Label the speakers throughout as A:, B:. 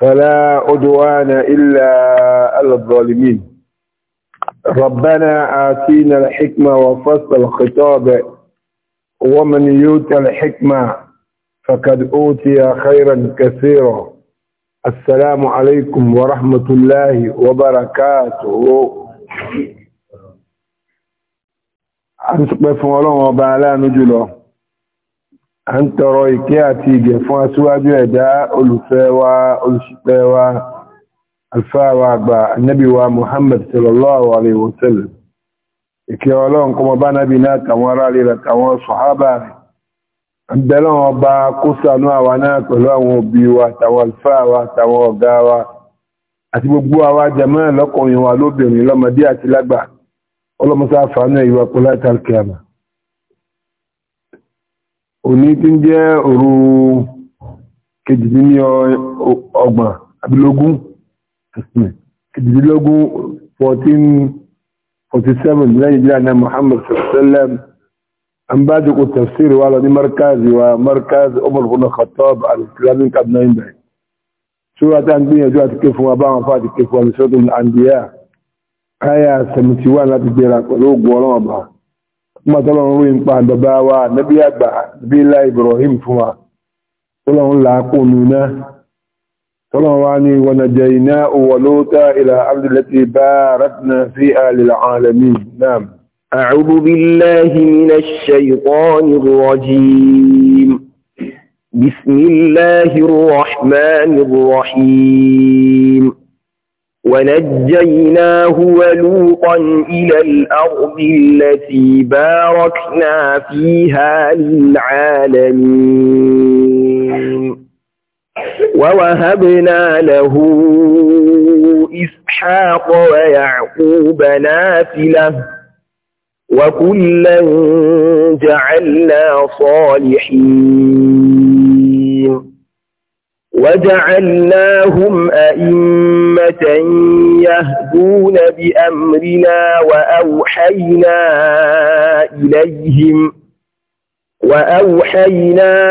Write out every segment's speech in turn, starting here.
A: فلا عدوان إلا على الظالمين ربنا آتينا الحكمة وفصل الخطاب ومن يؤت الحكمة فقد أوتي خيرا كثيرا السلام عليكم ورحمة الله وبركاته أنتم بفعلون وبعلان جلو a ń tọrọ ìkẹ́ àti ìgẹ̀ fún aṣíwájú ẹ̀dá olùfẹ́ wa olùṣìpẹ̀ wa alfáàwà àgbà annabi wa muhammad sallallahu alaihi wasallam ìkẹ́ ọlọ́run kọmọ bá nábi náà tàwọn ará rí àtàwọn sọ̀hábà rẹ̀ àbẹ̀lọ́run ọba kó sànú àwa náà pẹ̀lú àwọn òbí wa àtàwọn alfáàwà àtàwọn ọ̀gá wa àti gbogbo àwa jàmáà lọ́kùnrin wa lóbìnrin lọ́mọdé àti lágbà ọlọ́mọsáfà ìwà pẹ̀lú òní tí ń jẹ́ òru kejìdínlẹ́ ọgbọ̀n abilógún kejìdínlógún 1447 lẹ́yìn jẹ́ àná Muhammad sallam an ba da tafsir wa lọ́dí markazi wa markazi Umar ibn Khattab al-islamic abnayin bai ṣúra ta ń gbìyànjú àti kéfù wa bá wọn fà àti kéfù wa lè ṣọ́dún aya 71 láti gbéra pẹ̀lú ògùn ọlọ́wọ́ kuma tọ́lọ̀run rí ń pa àdọ̀bá wa nàbí àgbà nàbí ilá Ibrahim fún wa tọ́lọ̀run làákùn nùnà tọ́lọ̀run wa ni wa najjaynahu wa Luta ila ardi allati barakna fiha lil alamin naam أعوذ بالله من الشيطان الرجيم بسم
B: الله الرحمن الرحيم ونجيناه ولوطا إلى الأرض التي باركنا فيها للعالمين ووهبنا له إسحاق ويعقوب نافلة وكلا جعلنا صالحين وجعلناهم أئمة يهدون بأمرنا وأوحينا إليهم وأوحينا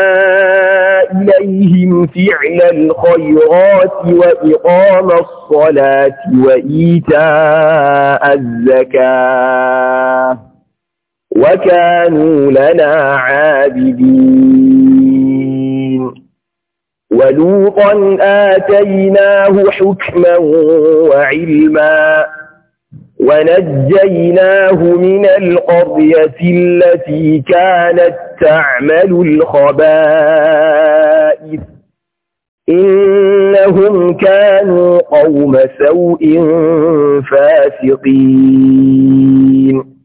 B: إليهم فعل الخيرات وإقام الصلاة وإيتاء الزكاة وكانوا لنا عابدين ولوطا آتيناه حكما وعلما ونجيناه من القرية التي كانت تعمل الخبائث إنهم كانوا قوم سوء فاسقين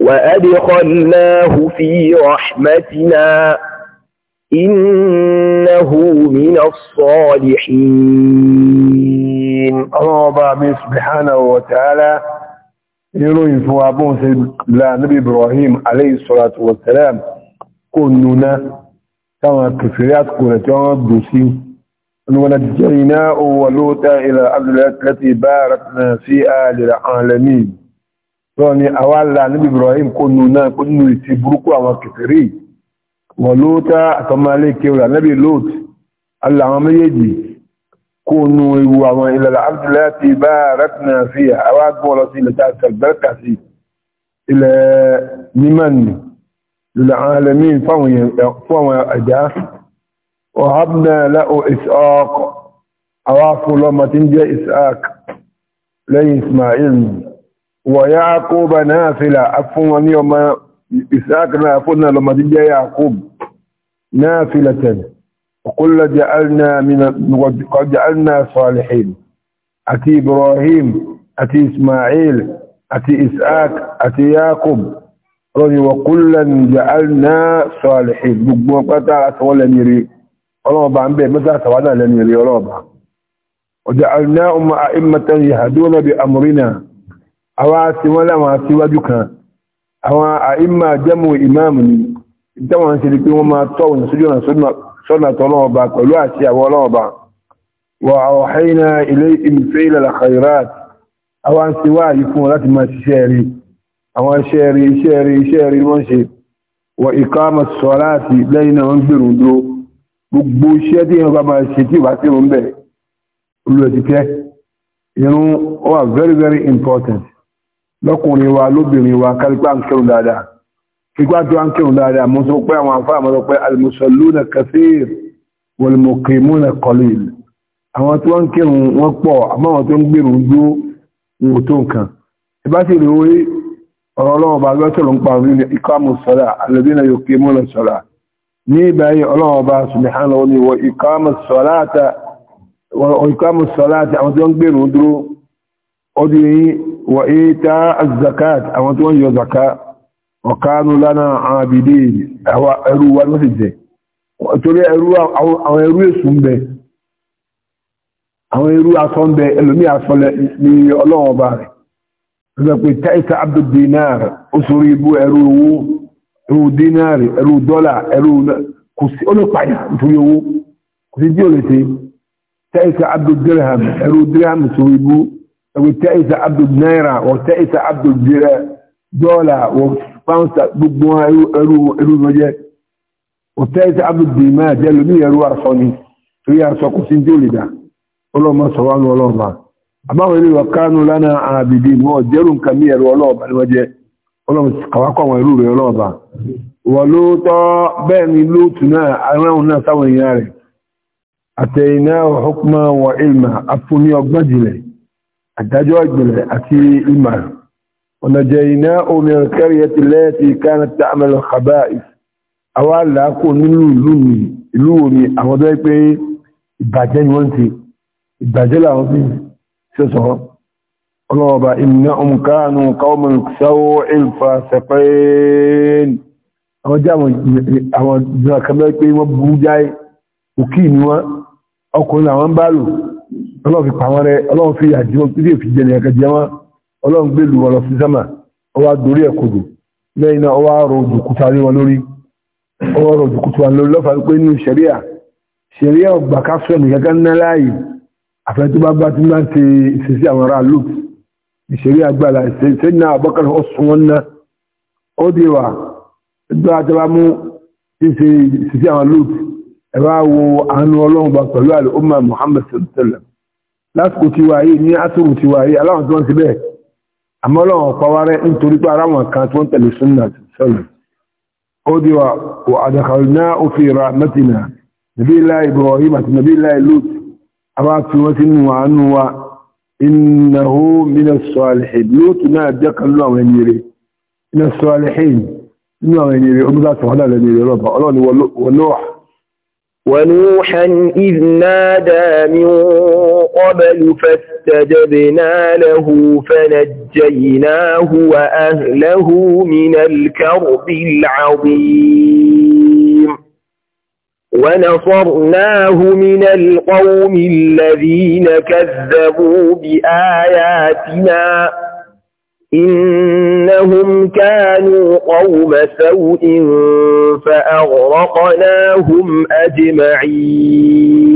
B: وأدخلناه في رحمتنا innahu
A: min as-salihin àwọn ọba mi subhanahu wa ta'ala ìròyìn fún abọ́n sí lánàbí Ibrahim alayhi salatu wa salam kò nuna táwọn kìfìrí àtìkò rẹ̀ tí wọ́n dùn sí ونجيناه ولوطا إلى الأرض التي باركنا فيها للعالمين. يعني أولا نبي إبراهيم كنا كنا يتبركوا وكفرين wọ̀lóòtá àtọmọ́lẹ́kẹ́ rẹ̀ nẹ́bí lóòt aláwọn méjèèjì kó nú ewu àwọn ilẹ̀ abdullahi bá rẹ́tìnà sí àwágbọ́n lọ sí ilẹ̀ tàbí sí ilẹ̀ nímọ̀nì lọ́lọ́ àwọn alẹ́mìn fáwọn ẹ̀dá ọ̀hábnà láò isaac àwáfúlọ́mọ tí ń jẹ́ isaac lẹ́yìn ismail wọ̀yá إسحاق نافنا لما جاء يعقوب نافلة وقل جعلنا من قد جعلنا صالحين أتي إبراهيم أتي إسماعيل أتي إسحاق أتي يعقوب رضي وقلا جعلنا صالحين بقوم قطع أسوال أميري الله بعن به متى سوانا لأميري الله بعن وجعلناهم أئمة يهدون بأمرنا أواسي ولا ما سوى دكان àwọn àìmà jẹ́mù ìmáàmù ni ìdáwọn ń ṣe ni pé wọ́n máa tọ́ òun sójú ọ̀nà sọ́nà tọ́lọ́ọ̀bà pẹ̀lú àti àwọn ọlọ́ọ̀bà wà ọ̀hẹ́nà ilé ìfẹ́ ìlàlà khairat àwọn ṣe wá yìí fún wọn láti máa ṣiṣẹ́ rí àwọn iṣẹ́ rí iṣẹ́ rí iṣẹ́ rí wọ́n ṣe wọ ìkáàmà wà very very important lọ́kùnrin wa lóbìnrin wa kárípá ń kẹrùn dáadáa kíkwá tó ń kẹrùn dáadáa mọ́ sọ pé àwọn afá mọ́ sọ pé alìmọ̀sọ̀lúnà kathir wọlmọ̀kìmúnà kọlìl àwọn tí wọ́n ń kẹrùn wọ́n pọ̀ àmọ́ àwọn tó ń gbèrún dó wò tó nǹkan ìbá sì rí orí ọ̀rọ̀ ọlọ́wọ́ bá wa ita az-zakat àwọn tó yọ zakat wa kanu lana abidin àwa ẹrú wa ló sì jẹ́ torí ẹrú àwọn ẹrú èṣù ń bẹ àwọn ẹrú aṣọ ń bẹ ẹlòmí aṣọ ní ọlọ́wọ́ bá rẹ̀ lọ́nà pé taita abdu dinar ó sórí ibú ẹrú owó ẹrú dinar ẹrú dọ́là ẹrú kò sí olùpàyà nítorí owó kò sí díò lè taita abdu dirham ẹrú dirham sórí وتأس عبد النيرة وتأس عبد الدولة وفانسا gbogbo ẹrú lọ́jẹ́ وتأس عبد الدماء jẹ́lu ní ẹrú arṣọ ni torí arṣọ kò sí ní ó lè dá ọlọ́mọ sọ̀rọ̀ àwọn ọlọ́mọ àbáwọn ilé ọ̀kánú lánà àbìdì wọn jẹ́rù nǹkan ní ẹrú ọlọ́ọ̀bà lọ́jẹ́ ọlọ́mọ kàwákọ̀ àwọn ẹrú rẹ̀ ọlọ́ọ̀bà wọ́n ló tọ́ bẹ́ẹ̀ ni lóòtù náà aráhùn náà sáwọn èèyàn rẹ̀ àtẹ̀yìnà hukman الدجوع بالأتي إيمان ونجيناه من القرية التي كانت تعمل الخبائث أولا لا أكون من لوني لوني أو ذلك ìbàjẹ́ ni wọ́n ti ìbàjẹ́ làwọn fi ṣẹ́sọ̀ ọlọ́ọ̀bà iná ọmọkánu káwọn sáwọ́ ìlfà sẹ̀pẹ́ẹ́n àwọn jẹ́ àwọn ìjọ àkàbẹ́ pé wọ́n burú jáì òkì ni ọlọ́run fi pàwọn rẹ ọlọ́run fi àjíwọ́ títí èfi jẹ́ nìyàn kẹjẹ wọn ọlọ́run gbé lu ọlọ́ sí sámà ọwá dorí ẹ̀ kodò lẹ́yìn náà ọwá rọ òjò kúta lé wọn lórí ọwọ́ rọ òjò kúta lórí lọ́fà pé nínú ṣẹ̀ríà ṣẹ̀ríà ọgbà ká sọ nìyàn ká ná láàyè àfẹ́ tó bá bá ti máa ṣe ìṣesí àwọn ará lò mú ṣíṣe àwọn lò ẹ bá àánú ọlọ́run bá pẹ̀lú àlè ó máa Muhammad lásìkò ti wáyé ní átùrù ti wáyé aláwọn tó ń ti bẹ́ẹ̀ àmọ́lọ́wọ̀n pàwárẹ́ nítorí pé aráwọn kan tó ń tẹ̀lé súnnà sọ́lọ̀ ó di wa wà àdàkàrùná òfin ra mẹ́tìnà nàbí ilá Ibrahim àti nàbí ilá Lut àbá tí wọ́n ti ń wà nù wa innahu ونوحا
B: إذ نادى من قبل فاستجبنا له فنجيناه وأهله من الكرب العظيم ونصرناه من القوم الذين كذبوا بآياتنا إنهم كانوا قوم سوء فأغرقناهم أجمعين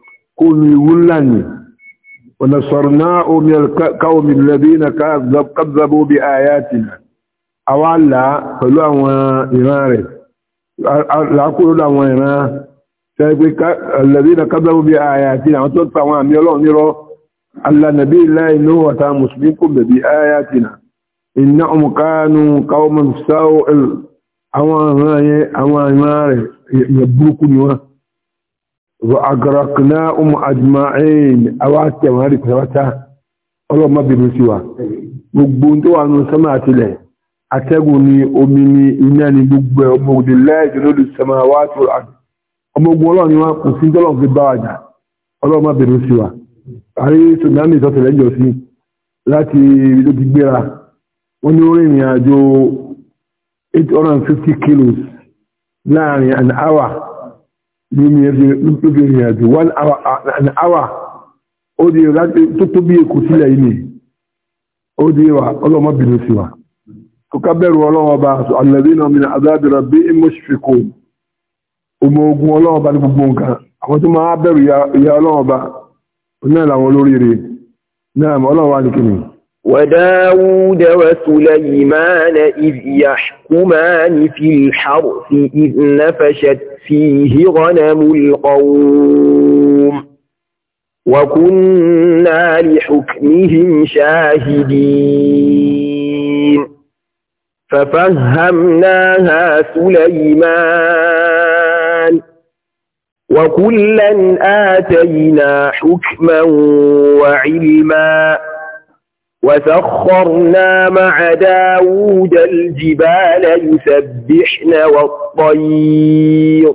A: kó lu ewu ńlá ni ọ̀nà sọ̀rọ̀ náà omi káwọmi lẹ́bí na kábzabó bí ayatina àwa là pẹ̀lú àwọn ìran rẹ̀ làákúrò láwọn ìran sẹ́gbẹ́ lẹ́bí na kábzabó bí ayatina àwọn tó ń pa àwọn àmì ọlọ́run nírọ́ alànàbí ní wọ̀ta وأغرقناهم أجمعين أواتي وهذه كتابتها ọlọ́run má bèbè sí gbogbo tó ni gbogbo ẹ̀ ọmọ òdè lẹ́ẹ̀jọ lórí sọ́mà wá tó rà ọmọ ogun ọlọ́run ni wọ́n kò sí tọ́lọ́run fi bá wàjà ọlọ́run má an hour ní lóbi ìrìn àjò one hour an hour ó di láti tó tó bí èkó sílẹ̀ yìí ni ó di wa ọlọ́mọbìnrin sí wa tó ká bẹ̀rù ọlọ́wọ́ bá aṣọ àlẹ́bí náà mìíràn adájọ́rọ̀ bí mọ́ṣífìkò ọmọ ogun ọlọ́wọ́ bá nka gbogbo nǹkan àwọn tó máa bẹ̀rù ìyá ọlọ́wọ́ won lori re olóríire náà ọlọ́wọ́
B: وداود وسليمان إذ يحكمان في الحرث إذ نفشت فيه غنم القوم وكنا لحكمهم شاهدين ففهمناها سليمان وكلا آتينا حكما وعلما وسخرنا مع داود الجبال يسبحن والطير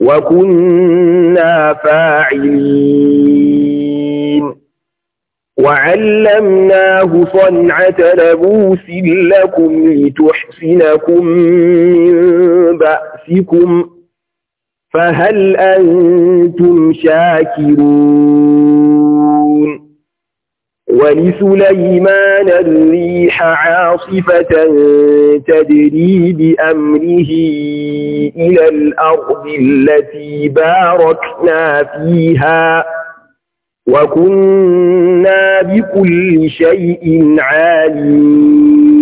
B: وكنا فاعلين وعلمناه صنعة لبوس لكم لتحسنكم من
A: بأسكم
B: فهل أنتم شاكرون ولسليمان الريح عاصفة تدري بأمره إلى الأرض التي باركنا فيها وكنا بكل شيء عالمين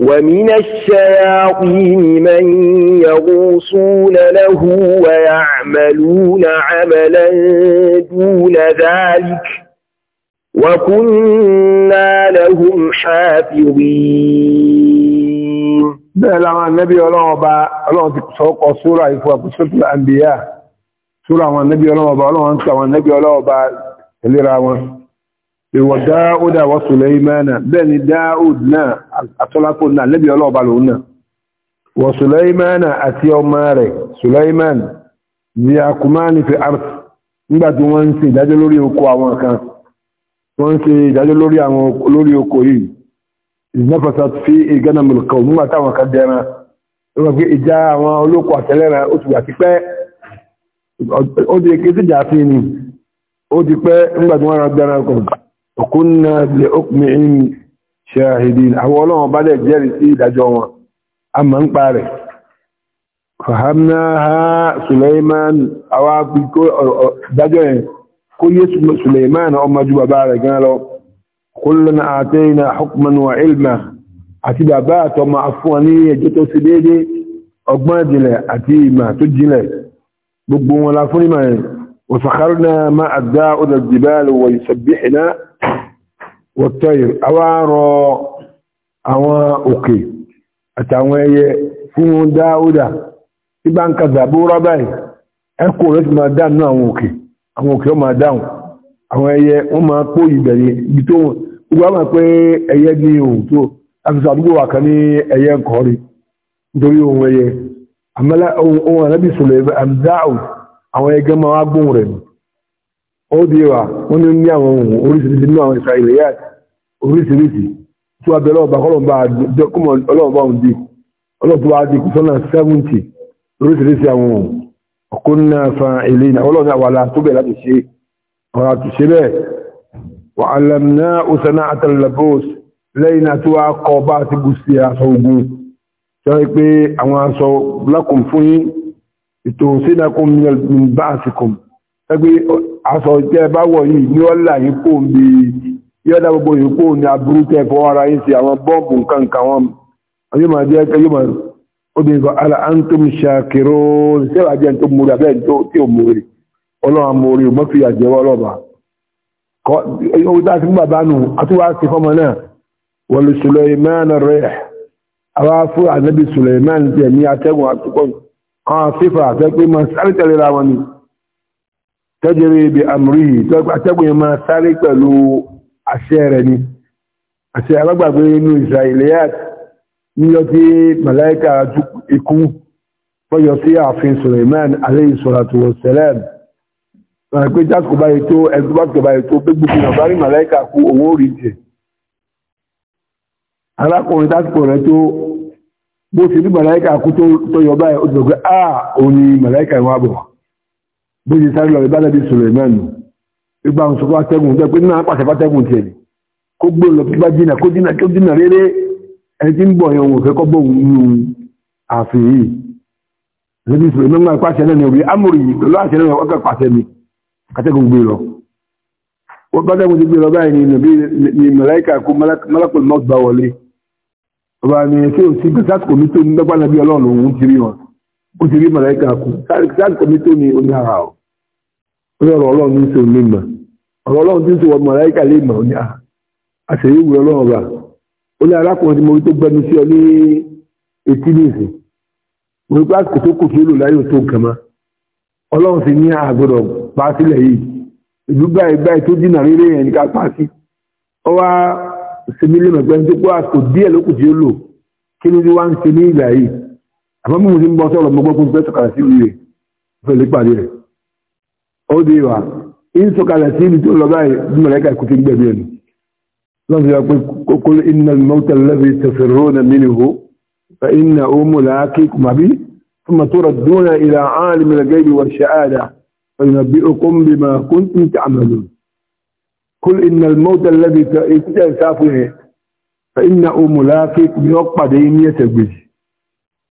B: ومن الشياطين من يغوصون له ويعملون عملا دون ذلك
A: وكنا لهم حافظين بẹ́ẹ̀ láwọn nẹ́bí ọlọ́ọ̀bá ọlọ́run ti sọ́kọ̀ sóra ìfò àpùsọ́tù àmbíyà sóra àwọn nẹ́bí ọlọ́ọ̀bá ọlọ́run ti àwọn nẹ́bí ọlọ́ọ̀bá ìlera wọn ìwọ̀ dáúdà wa Sulaimana bẹ́ẹ̀ ni dáúd náà àtọ́lápò náà lẹ́bí ọlọ́ọ̀bá lòun náà wa Sulaimana àti ọmọ rẹ̀ Sulaiman ní akumani fi art nígbàtí wọ́n ń ṣe ìdájọ́ lórí oko àwọn kan wọ́n ń ìdájọ́ lórí àwọn lórí oko yìí ìdínáfàsà fi ìgánà ó وكنا لحكمهم شاهدين أولا بدأ جرسي دجوا أما انقبال فهمناها سليمان أو دجوا كل يسمى سليمان أما جوا بارك قالوا كلنا آتينا حكما وعلما أتي بابات وما أفواني جتو سديدي أقمى جلي أتي ما تجلي بقبوا ولا فنما وسخرنا ما أداء الجبال ويسبحنا wọ́tọ́yìn awárọ àwọn òkè àtàwọn ẹyẹ fún dáúdà tí bá ń ka zàbó ẹkùn rẹ̀ ti máa dánú àwọn òkè àwọn òkè ó máa dáhùn àwọn ẹyẹ wọ́n máa kó ìbẹ̀rẹ̀ ibi tó wọn gbogbo àwọn pé ẹyẹ ní ohun tó afisa àdúgbò wà kan ní ẹyẹ nǹkan rí nítorí ohun ẹyẹ àmàlà ohun àmì dáhùn àwọn ó di wa wọ́n ní ní àwọn ohun oríṣiríṣi nínú àwọn ìsàlẹ̀ yá oríṣiríṣi tí wọ́n bẹ̀rẹ̀ ọba kọ́lọ̀mbà kọ́mọ ọlọ́ọ̀bá òun di ọlọ́ọ̀bá wa di kùsọ́nà sẹ́wùntì oríṣiríṣi àwọn ohun ọkùnrin fa ilé ìnáwó ọlọ́ọ̀ni àwàlá tó bẹ̀ láti ṣe ọ̀rọ̀ àtúnṣe bẹ́ẹ̀ wà á lẹ́m náà ó sẹ́nà àtàlẹ́bọ́s lẹ́yìn náà tí wọ́n á kọ́ bá ti gùn sí aṣọ ogun sọ pé àwọn aṣọ lákùn fún yín ìtòsínàkùn bá àsìkùn ẹgbẹ́ aṣọ tẹ́ bá wọ̀ yìí ní ọ́là yìí kò ń bí yọ́dá gbogbo yìí kò ní aburú tẹ́ fọ́ ara yìí sí àwọn bọ́ọ̀bù nǹkan wọn yóò máa jẹ́ ẹgbẹ́ yóò máa obìnrin kan ala antum ṣàkìrò sẹ́wà jẹ́ tó múri abẹ́ tí ò múri ọlọ́run múri mọ́ fi àjẹwọ́ ọlọ́ba owó tá a ti mú bàbá nù àtúwá sí fọmọ náà wọlé Suleiman rẹ̀ àwa fún ànábì Suleiman tẹ̀ ní atẹ́gùn àtúkọ̀ kan sífà àtẹ́gbẹ́ máa sáré tẹ̀lé ra wọn ni tẹ́jẹrẹ ibi àmúríyì tẹ́gbẹ̀ máa sáré pẹ̀lú àṣẹ rẹ̀ ni àṣẹ alágbàgbé inú israeliyat níyọ tí màláíkà ikú fọ́yọ sí ààfin suleiman alayhi salatu wa salam rẹ̀ pé jásùkò báyìí tó ẹgbẹ́gbẹ́ báyìí tó gbégbé fi hàn bárí màláíkà kú owó rí jẹ alákùnrin jásùkò rẹ̀ tó bó ti ní màláíkà kú tó yọ báyìí ó ti pé ah òun ni màláíkà ìwà bọ̀ bó ṣe sáré lọ rẹ̀ bálẹ̀ bí Suleiman ìgbà àwọn sọpọ̀ atẹ́gùn jẹ́ pé náà pàṣẹ pátẹ́gùn tiẹ̀ ni kó gbó lọ bí bá jìnà kó jìnà kó jìnà rere ẹni tí ń bọ̀ yẹn òun fẹ́ kọ́ bọ̀ òun nù ààfin yìí lẹ́bí Suleiman máa pàṣẹ náà ni òwe amòrì yìí pẹ̀lú àṣẹ náà wọ́n kẹ́ pàṣẹ mi kátẹ́gùn gbé lọ wọ́n pátẹ́gùn ti gbé lọ báyìí ni màláìkà kó malakul mọ́t bá wọlé ọba ni kí o sí gbèsè àtìkò mi tó ń dọ́gbà nàbí ó ti rí màláìka kú sáàdì kọ́mi tó ní oní ara ọ̀ ó lọ́rọ̀ ọlọ́run ní sọ ní mà ọ̀rọ̀ ọlọ́run tí ń sọ onye màláìka lè mà ó ní àhà ah, àṣeyí wù ọlọ́run rà ó ní anya ọ ní etí nìsín mo rí pásítọ̀ tó kù kí ó lò láyò ah, tó nǹkan àmọ́ mú sí ń bọ́ sọ́rọ̀ gbogbo kún fẹ́ sọ̀kalẹ̀ sí ìwé fẹ́ lè parí rẹ̀ ó dé wa ń sọ̀kalẹ̀ sí ibi tó lọ báyìí bí mọ̀lẹ́kà ikú ti gbẹ̀bí ẹnu lọ́sọ̀ yà pé kókó iná mọ́tà lẹ́bi tẹ̀fẹ̀rọ́ na mílíhù fa iná ó mú làákì kùmàbí fún màtúrà dúnà ìlà áàlì mìlẹ̀gẹ́ ìwà ṣáàdà fẹ̀yìn bí okun bí ma kún tún ti àmàlù kul iná mọ́tà lẹ́bi tẹ̀fẹ̀rọ́ na mílíhù fa iná ó mú làákì kùmàbí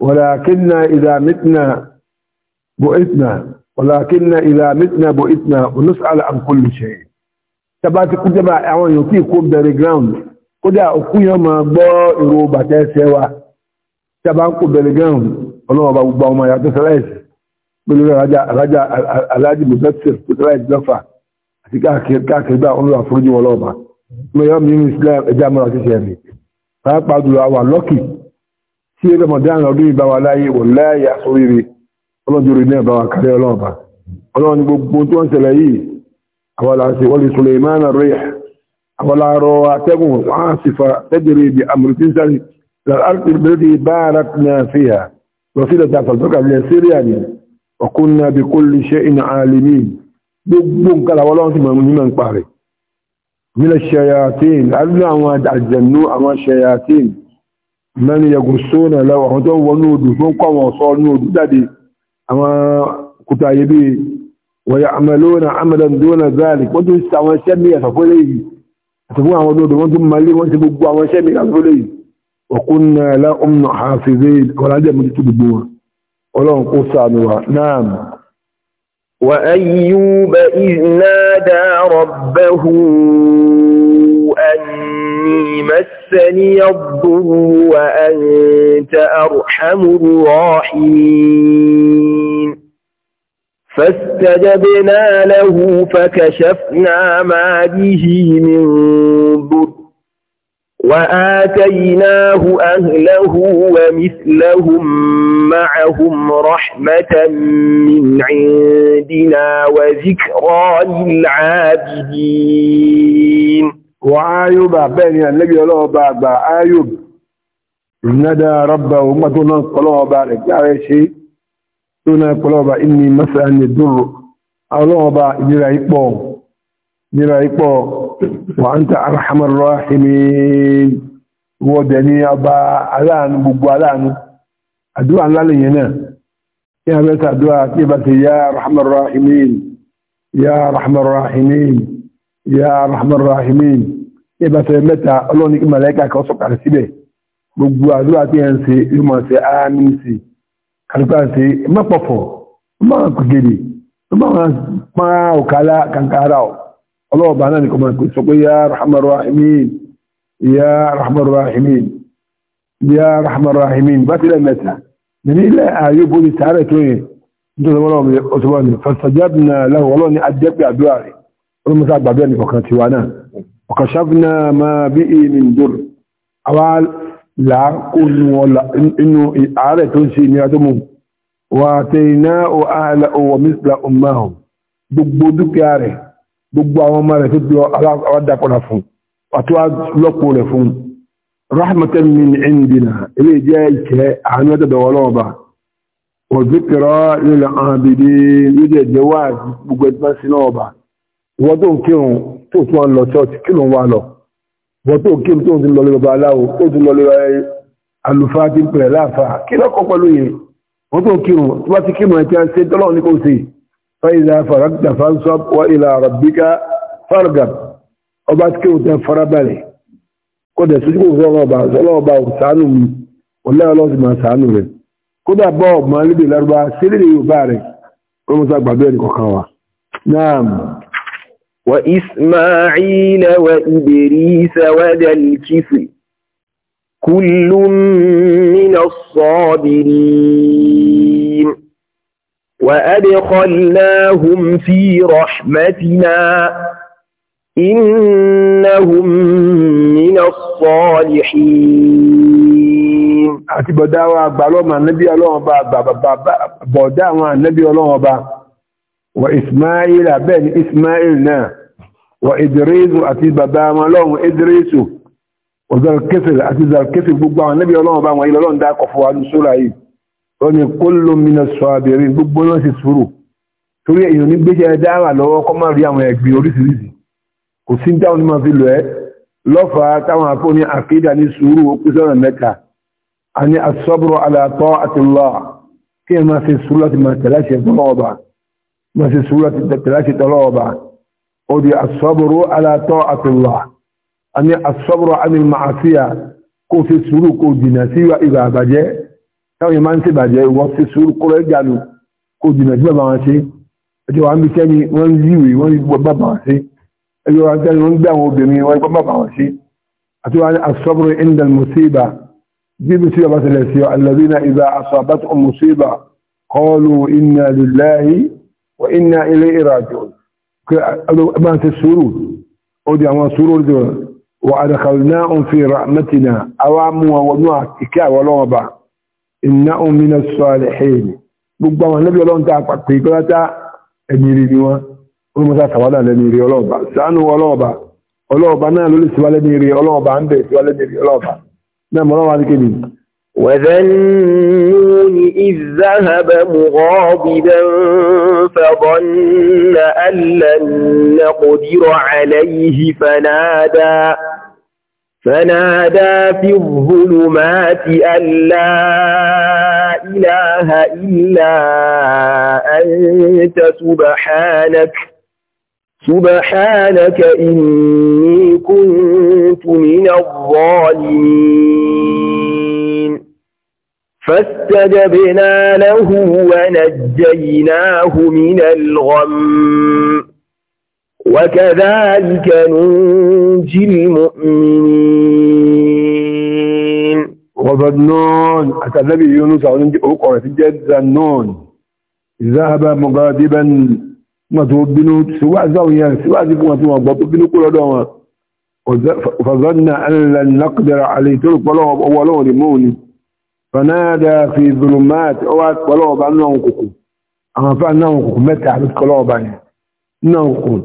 A: ولكننا إذا متنا بؤتنا ولكننا إذا متنا بؤتنا ونسأل عن كل شيء tabati kújẹ́ bá àwọn èèyàn kí ìkó bẹ̀rẹ̀ ground kódà òkú yẹn máa gbọ́ ìró bàtà ẹsẹ̀ wa tàbá ń kó bẹ̀rẹ̀ ground ọlọ́wọ́ bá gbogbo ọmọ yàtọ̀ sẹ́láìsì pẹ̀lú alájà alájì mùsẹ́tìr sẹ́láìsì lọ́fà àti káàkiri bá ọlọ́wọ́ àforíjì wọn lọ́ọ̀bà mo yọ mi ní islam ẹja mọ́ra ṣíṣe mi pàápàá jùlọ àwa lọ́kì tí Ramadan ọdún ìbá wa láyé wọ̀ láyà oríire ọlọ́dúnrí náà bá wa kàrẹ́ ọlọ́ọ̀bá ọlọ́run gbogbo tó ń ṣẹlẹ̀ yìí àwọlà sí wọ́n lè Suleiman rẹ̀ àwọlà rọ atẹ́gùn wọ́n á sì fa tẹ́jẹrẹ ibi amúrútínsárì lọ́rọ̀tì bára na fi hà lọ sí lọ́ta fàlùfẹ́kà lẹ́ síríà mẹ́rin yẹgùn sóòrùn lẹ́wọ̀ àwọn tó ń wọ ní odò tó ń kọ́ wọn sọ ní odò jáde àwọn kùtà ayé bí wọ̀yà àmàlónà àmàlónà záàlì wọ́n tún sa àwọn iṣẹ́ mi ẹ̀sọ̀ fólé yìí àti fún àwọn odò wọ́n tún malé wọ́n ti gbogbo àwọn iṣẹ́ mi ẹ̀sọ̀ fólé yìí ọkùn náà lẹ́hùn ọ̀làjẹ́ mi tuntun gbogbo wọn ọlọ́run kó sànù wa náà
B: وأيوب إذ نادى ربه أني مس مسني الضر وأنت أرحم الراحمين فاستجبنا له فكشفنا ما به من ضر وآتيناه أهله ومثلهم معهم رحمة من عندنا وذكرى للعابدين
A: wa ayuba bẹ́ẹ̀ ni ànẹ́bí ọlọ́ọba àgbà ayub ìnádà rọ́bà òun pàtó náà pọ̀lọ́ọba rẹ̀ kí ààrẹ ṣe tó náà pọ̀lọ́ọba inú mẹ́sà ní dúró ọlọ́ọba ìnira ipọ̀ ìnira ipọ̀ wà ń ta arhamar rahimin wọ́n dẹ̀ ní ọba aláàánú gbogbo aláàánú rahimin يا رحمن الراحمين يبقى متى الله نك ملائكه كوسك على سيبه gbogbo àdúrà tí ẹ ń ṣe yóò máa ṣe àmì sí kàlùkà ṣe mọ́pọ̀fọ̀ máa kògèdè máa máa òkàlà kàǹkàrà ọlọ́ọ̀bà náà ní kò máa sọ pé yá rahman rahimin yá rahman rahimin yá rahman rahimin bá tilẹ̀ mẹ́ta nínú ilẹ̀ ayé bóni sàárẹ̀ tó yẹ nítorí wọn lọ́wọ́ ọ̀sọ̀wọ́ ni fasajabna lahu ọlọ́ọ̀ni adẹ́pẹ́ àdúrà rẹ̀ olùmọ́sá àgbàdo ẹni kọ̀kan tiwa náà ọ̀kan ṣáfínà máa bí èèmì ń dòrò àwa là kó inú ààrẹ tó ń ṣe ìnira tó mú wà tẹ̀yìnà ò ààlà òwò mísìlá ọmọ gbogbo dúkìá rẹ̀ gbogbo àwọn ọmọ rẹ̀ tó bí aládàpọ̀nà fún àti wá lọ́pọ̀ rẹ̀ fún rahmatan min ìwọ tó ń kírun tó tún wọn lọ church kí ló ń wá lọ ìwọ tó ń kírun tó ń lọ lé baba aláwo tó tún lọ lé àlùfáà ti ń pẹ̀lẹ̀ láàfà kí lọ́kọ̀ pẹ̀lú yìí wọ́n tó kírun tó bá ti kírun ẹ̀tí à ń ṣe tọ́lọ́ ní kò sí fàyíza faragda fansab wa ila rabbika fargab ọba ti kírun tẹ farabalẹ̀ kó dẹ̀ sójú kò sọ́lọ́ ọba sọ́lọ́ ọba sàánù mi ọ̀lẹ́ ọlọ́sì máa sàánù rẹ̀ kódà bọ́ ọ̀gbọ́n lédè lárúbá sílẹ̀ yorùbá rẹ̀ wọ́n mú sá gbàgbé وإسماعيل
B: وإدريس وذا الكفل كل من الصابرين وأدخلناهم في رحمتنا
A: إنهم من الصالحين àti bọ̀dá àwọn àgbà ọlọ́mà nẹ́bí ọlọ́run bá bọ̀dá àwọn ànẹ́bí ọlọ́run bá wà Ismail àbẹ́ ni Ismail náà وإدريس أتي باباما لهم إدريس وذا الكسر أتي ذا الكسر بقبا النبي الله بابا إلى لون داك وفوا السورة أي كل من الصابرين بقبا ناس يسفروا torí èèyàn ní gbéṣẹ́ dáhà lọ́wọ́ kọ́ máa rí àwọn ẹ̀gbìn oríṣiríṣi kò sí dáhùn ní máa fi lọ ẹ́ lọ́fàá táwọn àpò ní àkídà ní sùúrù òkú sọ́nà mẹ́ta a ní asọ́bùrù aláàtọ́ àti lọ́ kí ẹ máa ṣe sùúrù láti máa tẹ̀láṣẹ odi asọ́bùrú alátọ́ àtùlá a ní asọ́bùrú àmì màásíyà kó fi sùúrù kó jìnà sí ìwà àbàjẹ́ táwọn yẹn máa ń tìbàjẹ́ wọ́n fi sùúrù kó rẹ̀ jàlù kó jìnà sí bàbá wọn ṣe ẹjọ́ wa ń bí sẹ́ni wọ́n yíwèé wọ́n yí bàbá wọn ṣe ẹjọ́ wa ń sẹ́ni wọ́n gbé àwọn obìnrin wọ́n yí bàbá wọn ṣe àti wọn asọ́bùrú indal musiba bíbi sí ọba wa inna ilayhi raji'un máa ń ṣe sùúrù ó di àwọn sùúrù ó di wọn wà adkhalnahum fi rahmatina àwa mú wọn wọnú ìkẹ́ àwọn ọlọ́wọ́n bá innahum minas salihin gbogbo àwọn ẹlẹ́bí ọlọ́run tá a pàpè gbọ́dá ẹni rí ni wọn ó mọ́ sáà sàwádà lẹ́ni rí ọlọ́ọ̀bà sàánú ọlọ́ọ̀bà ọlọ́ọ̀bà náà ló lè síwá lẹ́ni rí ọlọ́ọ̀bà ń bẹ̀ síwá lẹ́ni rí ọlọ́ọ̀bà náà mọ́ ọlọ́wà ní kébì.
B: wẹ̀dẹ̀ ní فذهب مغاضبا فظن أن لن نقدر عليه فنادى فنادى في الظلمات أن لا إله إلا أنت سبحانك سبحانك إني كنت من الظالمين فاستجبنا له ونجيناه من الغم وكذلك
A: ننجي المؤمنين وظنون أتذبي يونس وننجي أقرة ظنون ذهب مغاضبا بنوت سواء زاوية سواء زفوة متوبين كل دوما فظن أن لن نقدر عليه تلك ولو أولون موني فنادى في ظلمات اوات قلوه بان نوككم اما فان نوككم متى عبد قلوه بان نوككم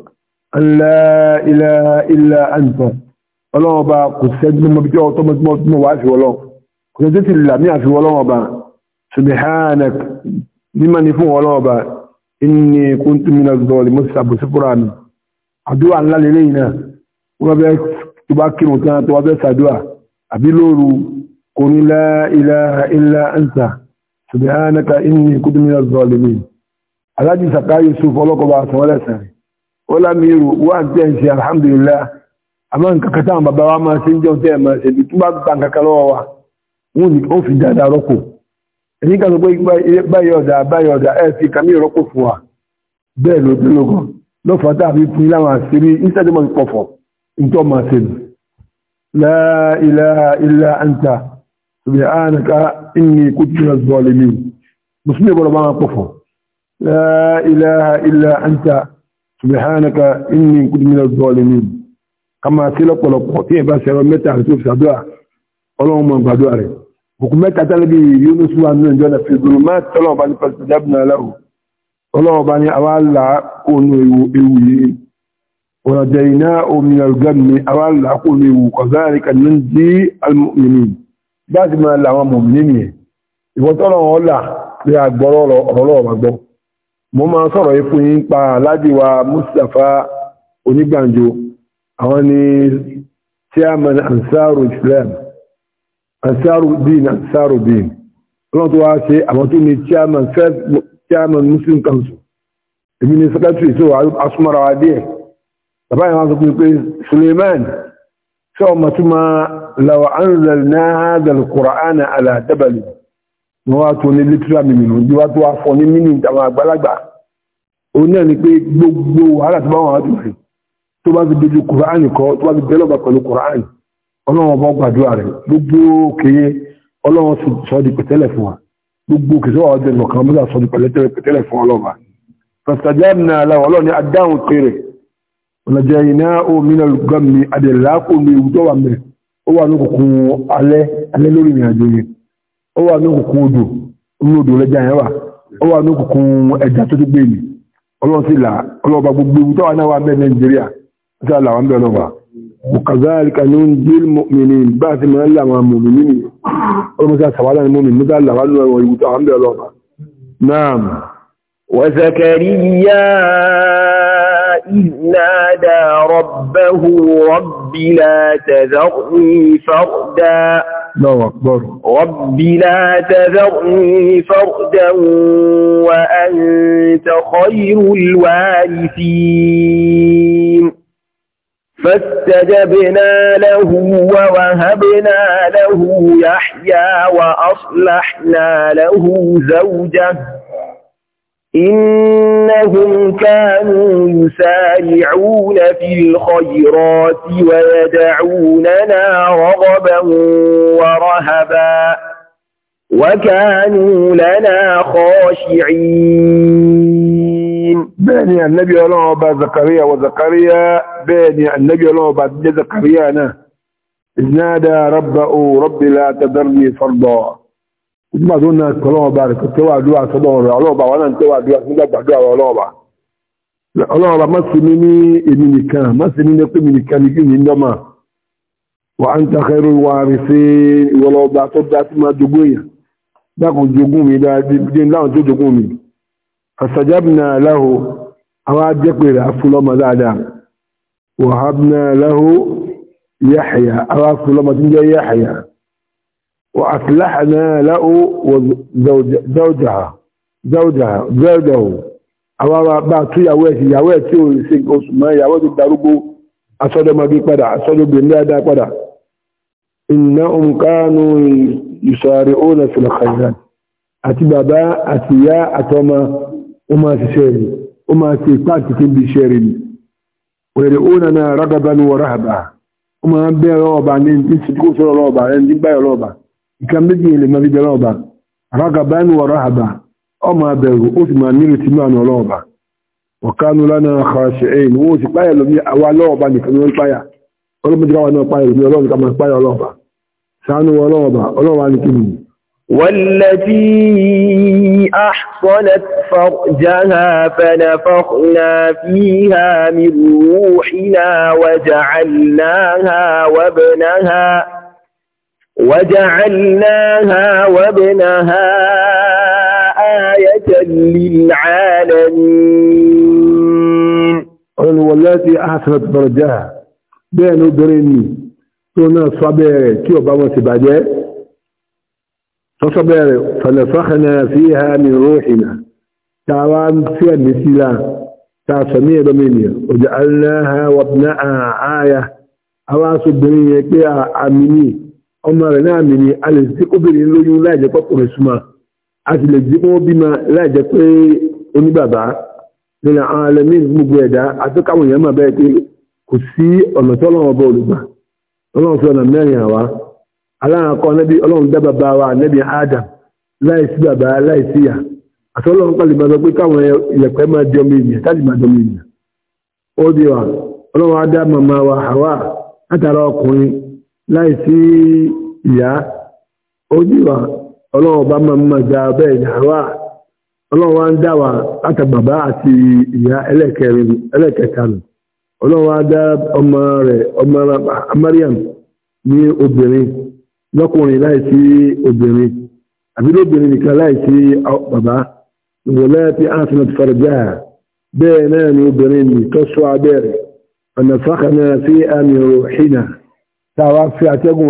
A: ان لا اله الا انت قلوه با قسد مما بجوه طمت موت موعش ولوه قسدت اللامية في ولوه با سبحانك لما نفو ولوه با اني كنت من الظالم مستعب سفران عدوى عن الله للينا وبيك تباكر وكانت وبيك عدوى ابي لورو قل لا إله إلا أنت سبحانك إني كنت من الظالمين aláàjì sàká yusuf ọlọ́kọba àtàwọ́lẹ́sẹ̀ rẹ̀ ó lámìírù wà ń tẹ́ ń ṣe alhamdulillah àmọ́ nǹkan kata àwọn bàbá wa máa ṣe ń jẹun tẹ́ ẹ̀ máa ṣe bí tó bá gbà ń kankan lọ́wọ́ wa wọ́n ni ó fi dáadáa rọ́pò èyí kan sọ pé báyọ̀ ọ̀dà báyọ̀ ọ̀dà ẹ̀ fi kàmí rọ́pò fún wa bẹ́ẹ̀ ló dé lóko lọ́fà tá a fi fún láwọn àṣírí instead of pọ̀fọ̀ nítorí máa ṣe la ilaha illa anta سبحانك إني كنت من الظالمين مسلم ربما قفه لا إله إلا أنت سبحانك إني كنت من الظالمين كما سلق ولقوتي بس متى هتوف سدعاء اللهم انقدوا عليه حكومات تلبي يونس وأنه جانا في الظلمات اللهم بني فاستجبنا له اللهم بني أولا كونوا إيوي ونجيناه من الجن أولا كونوا كذلك ننجي المؤمنين báti máa làwọn mòmìnì nìyẹn ìwọ́tọ́lọ̀ wọn là pé àgbọ́rọ̀ ọ̀rọ̀lọ́wọ́ bá gbọ́ mo máa sọ̀rọ̀ ikú yín pa aládìwà Mustapha onígbànjo àwọn ni chairman ansaru Islam ansaru din ansaru din ọlọ́run tó wá ṣe àwọn tó ní chairman first chairman Muslim Council èmi ni secretary tó asúmọ́ra wa díẹ̀ bàbá yẹn wá sọ pé Suleiman ثم ثم لو أنزلنا هذا القرآن على جبل نواتو ní lítírà mímínú níwátó afọ ní mínú àwọn àgbàlagbà òun náà ni pé gbogbo wàhálà tó bá wọn àti rẹ̀ tó bá fi dojú kùránì kọ tó bá fi bẹ́lọ́gbà pẹ̀lú kùránì ọlọ́wọ́n bọ́ gbàdúrà rẹ̀ gbogbo kèye ọlọ́wọ́n sọ di pẹ̀tẹ́lẹ̀ fún wa gbogbo kèso wà ọdẹ nìkan mọ́sà sọ di pẹ̀tẹ́lẹ̀ fún ọlọ́wà ọ̀nàjẹ́ iná òmìnà gọ́mì adẹ̀láàkò ní ìwùjọ́ wà mẹ́ ó wà ní òkùnkùn alẹ́ alẹ́ lórí ìrìn àjò yìí ó wà ní òkùnkùn odò ní odò lẹ́jà yẹn wà ó wà ní òkùnkùn ẹja tó tó gbé mi ọlọ́run sí là ọlọ́ba gbogbo ìwùjọ́ wà náà wà mẹ́ nàìjíríà ó sá làwọn bẹ́ẹ̀ lọ́wà kàzáàlìkà ní jíl mọ̀mìnì bá a ti máa
B: ń إذ نادى ربه رب لا تذرني فردا رب لا تذرني فردا وأنت خير الوارثين فاستجبنا له ووهبنا له يحيى وأصلحنا له زوجه إنهم كانوا يسارعون في الخيرات ويدعوننا رغبا ورهبا
A: وكانوا لنا خاشعين بني النبي الله أبا زكريا وزكريا بني النبي الله أبا زكريا إذ نادى ربه رب لا تذرني فرضا gbogbo tó na tọ́lọ́wọ́ bá rẹ̀ tẹ́wà dúwà sọ́dọ̀ rẹ̀ ọlọ́ọ̀bà wọn náà tẹ́wà dúwà nígbà gbàdúrà ọlọ́ọ̀bà ọlọ́ọ̀bà má sì ní ní èmi nìkan má sì ní ní pé mi nìkan ní ndọ́mà wà á ń ta kẹrù wà rí sí ìwọlọ́ọ̀bà tó dá sí máa jogún èèyàn dákun jogún mi dáadé láwọn tó jogún mi àṣàjábìnà àwọn dáadáa àwọn tó ń وأصلحنا له وزوجها زوجها زوجه àwọn ará bá tú yàwó ẹ̀sì yàwó ẹ̀ tí ó ṣe oṣù mọ́ yàwó ti darúgbó asọ́dọ̀mọ́bí padà asọ́dọ̀bìnrin dáadáa padà iná òǹkánú ìṣàrí òòlà sílọ̀kàìlá àti bàbá àti ìyá àtọmọ ó máa ti ṣe rí ó máa ti ṣe rí ni wẹ̀rẹ̀ òòlà náà nǹkan méjì yẹn lè máa fi bẹ̀rẹ̀ ọba àrágàbá ẹnu wọ̀rọ̀ àbá ọmọ abẹ̀rù ó sì máa nílò tí máa nà ọlọ́ọ̀bà ọ̀kánu lánàá kọ̀ọ̀ṣẹ̀ ẹ̀yìn wọ́n sì páyà lómi àwa lọ́ọ̀bà nìkan ni wọ́n páyà ọlọ́mọdé káwa náà páyà lómi ọlọ́ọ̀bà máa páyà ọlọ́ọ̀bà sànú ọlọ́ọ̀bà ọlọ́ọ̀bà ni kìnnì.
B: والتي أحصلت فرجها فنفخنا فيها من روحنا وجعلناها وابنها وجعلناها وابنها آية للعالمين
A: قال والتي أحسنت درجها بين الدريني تونا صبيري كيو بابا سباجي فصبيري فنفخنا فيها من روحنا تعوان فيها مثلا تعسمية بمينيا وجعلناها وابنها آية أواس الدنيا كي أمينيه ọmọ rẹ̀ náà mi ni a lè sí kóbìnrin lóyún láìjẹ́ pọ́pọ̀rẹ̀ súnmọ́ a sì lè jí wọ́n bímọ láìjẹ́ pé oníbàbá nínú àwọn alẹ́mí gbogbo ẹ̀dá àtọ́káwọn èèyàn máa bẹ́ẹ̀ pé kò sí ọ̀nà tí ọlọ́run ọba olùgbà ọlọ́run fi ọ̀nà mẹ́rin àwa nẹ́bí ọlọ́run wa nẹ́bí Adam láìsí bàbá láìsí ìyá àti ọlọ́run máa sọ pé káwọn máa di ọmọ ènìyàn táàdì máa di ọmọ ènìyàn ó di wa ọlọ́run màmá Hawa látara láì sí ìyá oníwà ọlọ́run bá máa máa gba bẹ́ẹ̀ ìyàwó ọlọ́run wá ń dá wa láti bàbá àti ìyá ẹlẹ́kẹta nù ọlọ́run wá dá ọmọ rẹ̀ ọmọ Mariam ní obìnrin lọ́kùnrin láì sí obìnrin àbí lóbìnrin nìkan láì sí bàbá ìwọ̀lẹ́ tí a ti nàti fàrẹ̀já bẹ́ẹ̀ náà ni obìnrin nì sọ abẹ́rẹ̀ ọ̀nà fákanà sí àmì òhìnà توافي أتيكم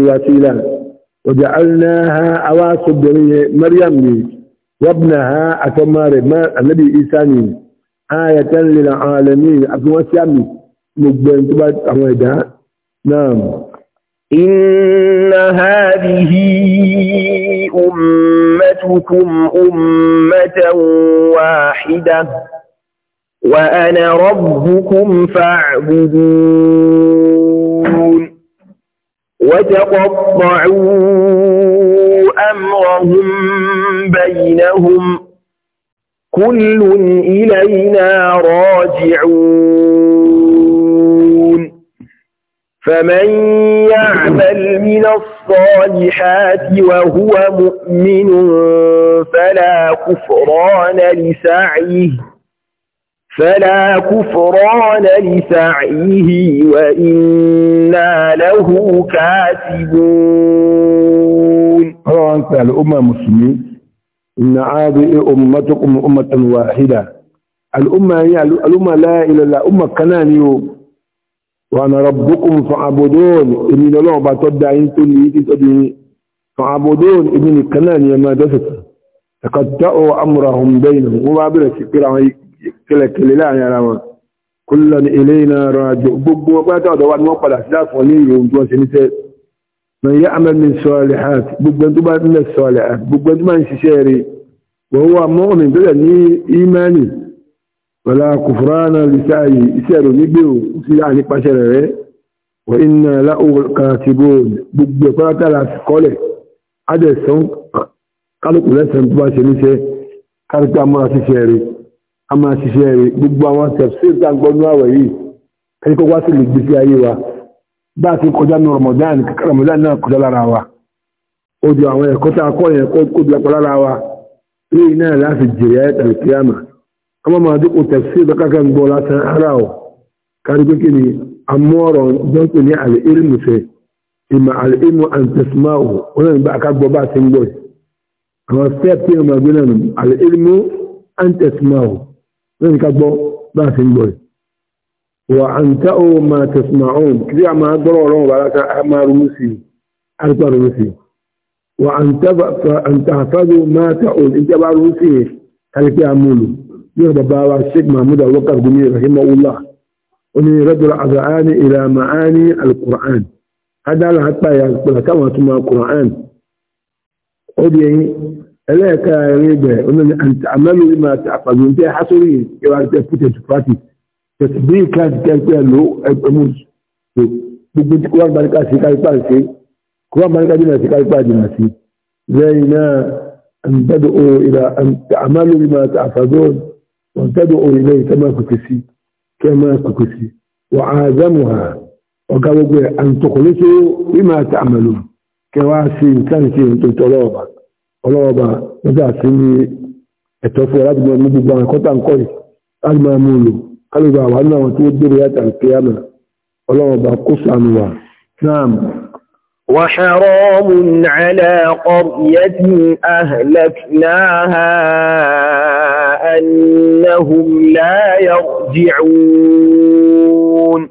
A: وسيلة وجعلناها أواصب مريم وابنها أتمار النبي إيساني آية للعالمين أتوسامي مجبن تبعت أميدا نعم إن هذه
B: أمتكم أمة واحدة وأنا ربكم فاعبدون وتقطعوا أمرهم بينهم كل إلينا راجعون فمن يعمل من الصالحات وهو مؤمن فلا كفران لسعيه فلا كفران لسعيه
A: وإنا له كاتبون أولاً سأل أمة مسلمين إن هذه أمتكم أمة واحدة الأمة هي الأمة لا إلا لا أمة كناني وأنا ربكم فعبدون إمين الله بتدعين تلي تدعين فعبدون إمين كناني ما دست تقد أمرهم بينهم وما بلا شكرا عليكم kẹlẹ̀kẹlẹ̀ láàrin ara wọn kúlọ̀ ní ilé iná rán àjò gbogbo ọpẹ́ta ọ̀dọ̀ wa ni wọ́n padà sí láàfọ́ ní ìrò ohun tí wọ́n ṣe ní tẹ́ na yá amẹ́ni sọ́ọ̀lẹ̀ àti gbogbo tó bá nílẹ̀ sọ́ọ̀lẹ̀ àti gbogbo tó bá ń ṣiṣẹ́ rí wọ́n wà mọ́ ọ̀nà ìbílẹ̀ ní ìmánì wọ́lá kùfúránà lìsáàyè iṣẹ́ rò nígbè ò sí láàrin ti ṣe rí a máa ṣiṣẹ́ rẹ̀ gbogbo àwọn tẹ̀sí ìgbàgbọ́nú àwẹ̀ yìí kẹ́kọ́ wá sí lè gbèsè ayé wa bá a ti kọjá ní Ramadan Ramadan náà kọjá lára wa ó di àwọn ẹ̀kọ́ tá a kọ́ yẹn kó di ọ̀pọ̀ lára wa lẹ́yìn náà láti jèrè ayé tàbí kíámà a máa máa dípò tẹ̀sí ìgbàkàkà ń bọ̀ lásán ara ọ̀ kárí pé kí ni amọ́rọ̀ jọ́pẹ̀ ní àlè ìrìnmùsẹ̀ ìmọ̀ àlè ìmọ̀ àǹtẹ̀símáwò ó náà nígbà àkágbọ́ bá a ti ń bọ̀ àwọn stẹ́ẹ̀pì ọmọ lórí ká gbọ́ bá a ti ń gbọ́ rẹ̀ wà á ń tá ó máa tẹ̀sùmá ọ̀hún kí a máa gbọ́rọ̀ ọlọ́run bàrá ká a máa ronú sí i a rí pa ronú sí i wà á ń tá àfáàdó máa tà ó ní jábá ronú sí i ká lè ní ọ̀rọ̀ bàbá wa sheikh mahmoud abubakar gumi rahimahullah ó ní rẹ́dùrà àzàáni ìlà màáni alukur'an adára apá ìyá pẹ̀lú àtàwọn àtúmọ̀ alukur'an ó di ẹyin ẹlẹ́ẹ̀kẹ́rin bẹ̀ onímọ̀ àmàlù ìmọ̀ àti àpàgbé tí a sórí ìwà jẹ́ put into practice tẹ̀sí bí kíláàsì kẹ́kẹ́ ló ẹgbẹ̀mú gbogbo tí kúrò àgbàríkà sí kárípà sí kúrò àgbàríkà jìnà sí kárípà jìnà sí lẹ́yìn náà àǹtẹ́dọ̀ o ìlà àmàlù ìmọ̀ àti àfàgbé ọ̀ǹtẹ́dọ̀ o ilé ìtẹ́mà kòkè sí kẹ́mà ọlọ́wọ́ba wọ́n sá sí ní ẹ̀tọ́ fún láti mọ mú gbogbo àwọn kọ́tà ń kọ́ yìí láti máa mú lò kálùbà wà nínú àwọn tí ó dèrò yàtà pé àmà ọlọ́wọ́ba kó sànù wà náà.
B: وحرام على قرية أهلكناها أنهم لا يرجعون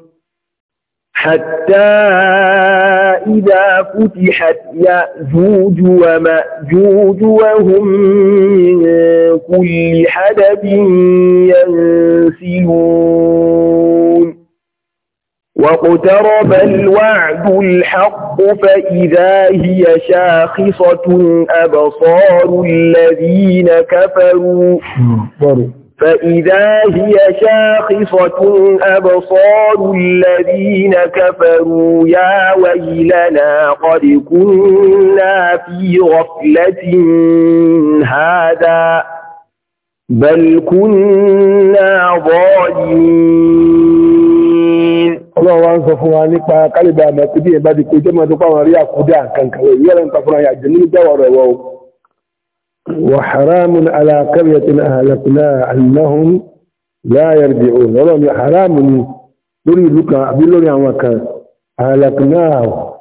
B: حتى إذا فتحت يأجوج ومأجوج وهم من كل حدب ينسلون واقترب الوعد الحق فإذا هي شاخصة أبصار الذين كفروا فَإِذَا هِيَ شَاخِصَةٌ أَبْصَارُ الَّذِينَ كَفَرُوا يَا وَيْلَنَا قَدْ كُنَّا فِي غَفْلَةٍ هَذَا بَلْ
A: كُنَّا ظَالِمِينَ قَالُوا وَنَسْفُهُ نِقَا كَلِبَا مَكُدِي بَادِ كُجَمَا دُقَا وَرِيَا كُدَا كَانْ كَوَيْ يَلَنْ تَفْرَانْ يَا جَنِي دَوَرَوْ وحرام على قرية أهلكناها أنهم لا يرجعون ولم حرام لوري لوكا بلوري أماكا أهلكناها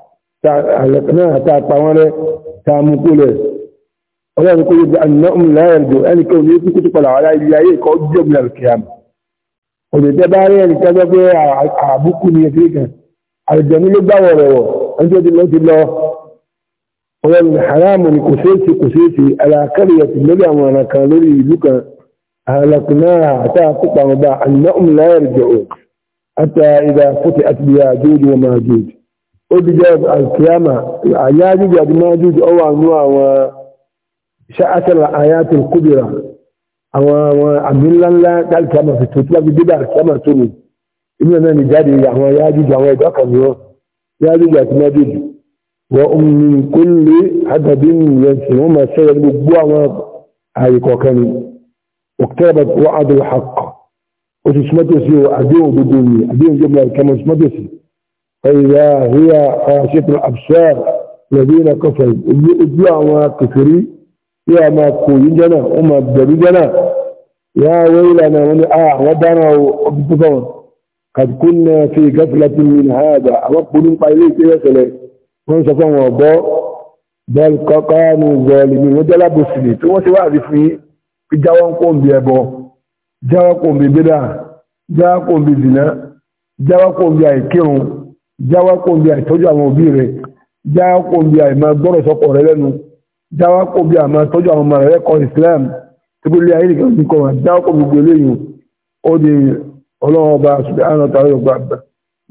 A: أهلكناها تعطوانه تعمقوله ولم يقول بأنهم لا يرجعون أن كون يكون تقول على إلهي كأجو من القيامة وبدباري أن كذا بي أبوكم يفيك الجميل الدور أنت تقول الله ولن حرام كسيتي كسيتي على قرية النبي وانا كان لي لك أهلكناها حتى قطع مباع أنهم لا يرجعون حتى إذا فتحت بياجوج وماجوج وبجاب القيامة ياجوج وماجوج أو أنواع وشأت الآيات القدرة أو عبد الله لا قال كما في التوتلة بدأ كما تنو إننا نجادي يا ياجوج يا ياجوج وماجوج وأم من كل عدد ينسي وما سيد بقوة هاي كوكاني واقتربت وعد الحق وتسمتسي وأديه بدوني أديه جملة كما اسمتسي فإذا هي خاشف الأبصار الذين كفروا ادعوا كفري يا ما كوين جنا وما بدري جنا يا ويلنا من آه ودنا قد كنا في غفلة من هذا أما من إليك يا سلام wọ́n sọ pé wọn ọ̀bọ bẹ́ẹ̀lì kọ́kọ́ ní ìgbọ̀ọ̀lì ni wọ́n jẹ́lá bòsìlì tí wọ́n ti wá rí fún pé jáwọ́ kò ń bi ẹbọ jáwọ́ kò ń bi bídà jáwọ́ kò ń bi zìnà jáwọ́ kò ń bi àìkírun jáwọ́ kò ń bi àìtọ́jú àwọn òbí rẹ̀ jáwọ́ kò ń bi àìmọ̀ gbọ́rọ̀ sọ́kọ̀ rẹ̀ lẹ́nu jáwọ́ kò ń bi àmọ́ tọ́jú àwọn ọmọ rẹ̀ lẹ́kọ̀ọ́ Islam tíbúlé ayé ti kọ̀ wá jáwọ́ kò ń bi ó di ọlọ́wọ́ ọba subhanahu wa ta'ala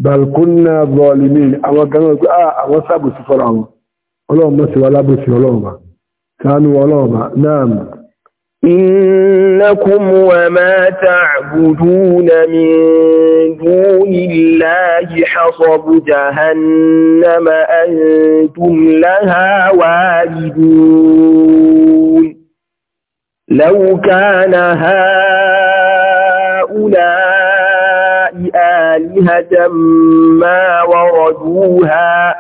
A: balkuna zọlìmín àwọn kan náà pé ah, àwọn sábòsí fọ́ra wọn ọlọ́run mọ́ sí wa lábòsí ọlọ́run sánú ọlọ́run náà إنكم وما
B: تعبدون من دون الله حصب جهنم أنتم لها واردون لو كان هؤلاء آلهة ما وردوها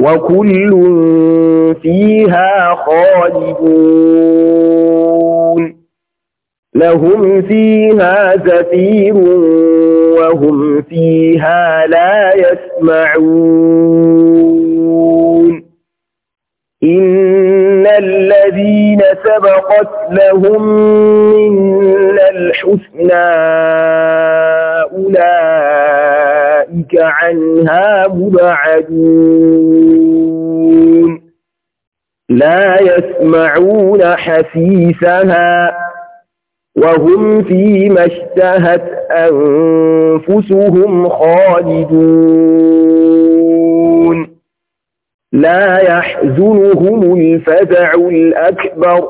B: وكل فيها خالدون لهم فيها زفير وهم فيها لا يسمعون إن الذين سبقت لهم من الحسنى فأولئك عنها مبعدون لا يسمعون حسيسها
C: وهم
B: فيما اشتهت أنفسهم خالدون لا يحزنهم الفزع الأكبر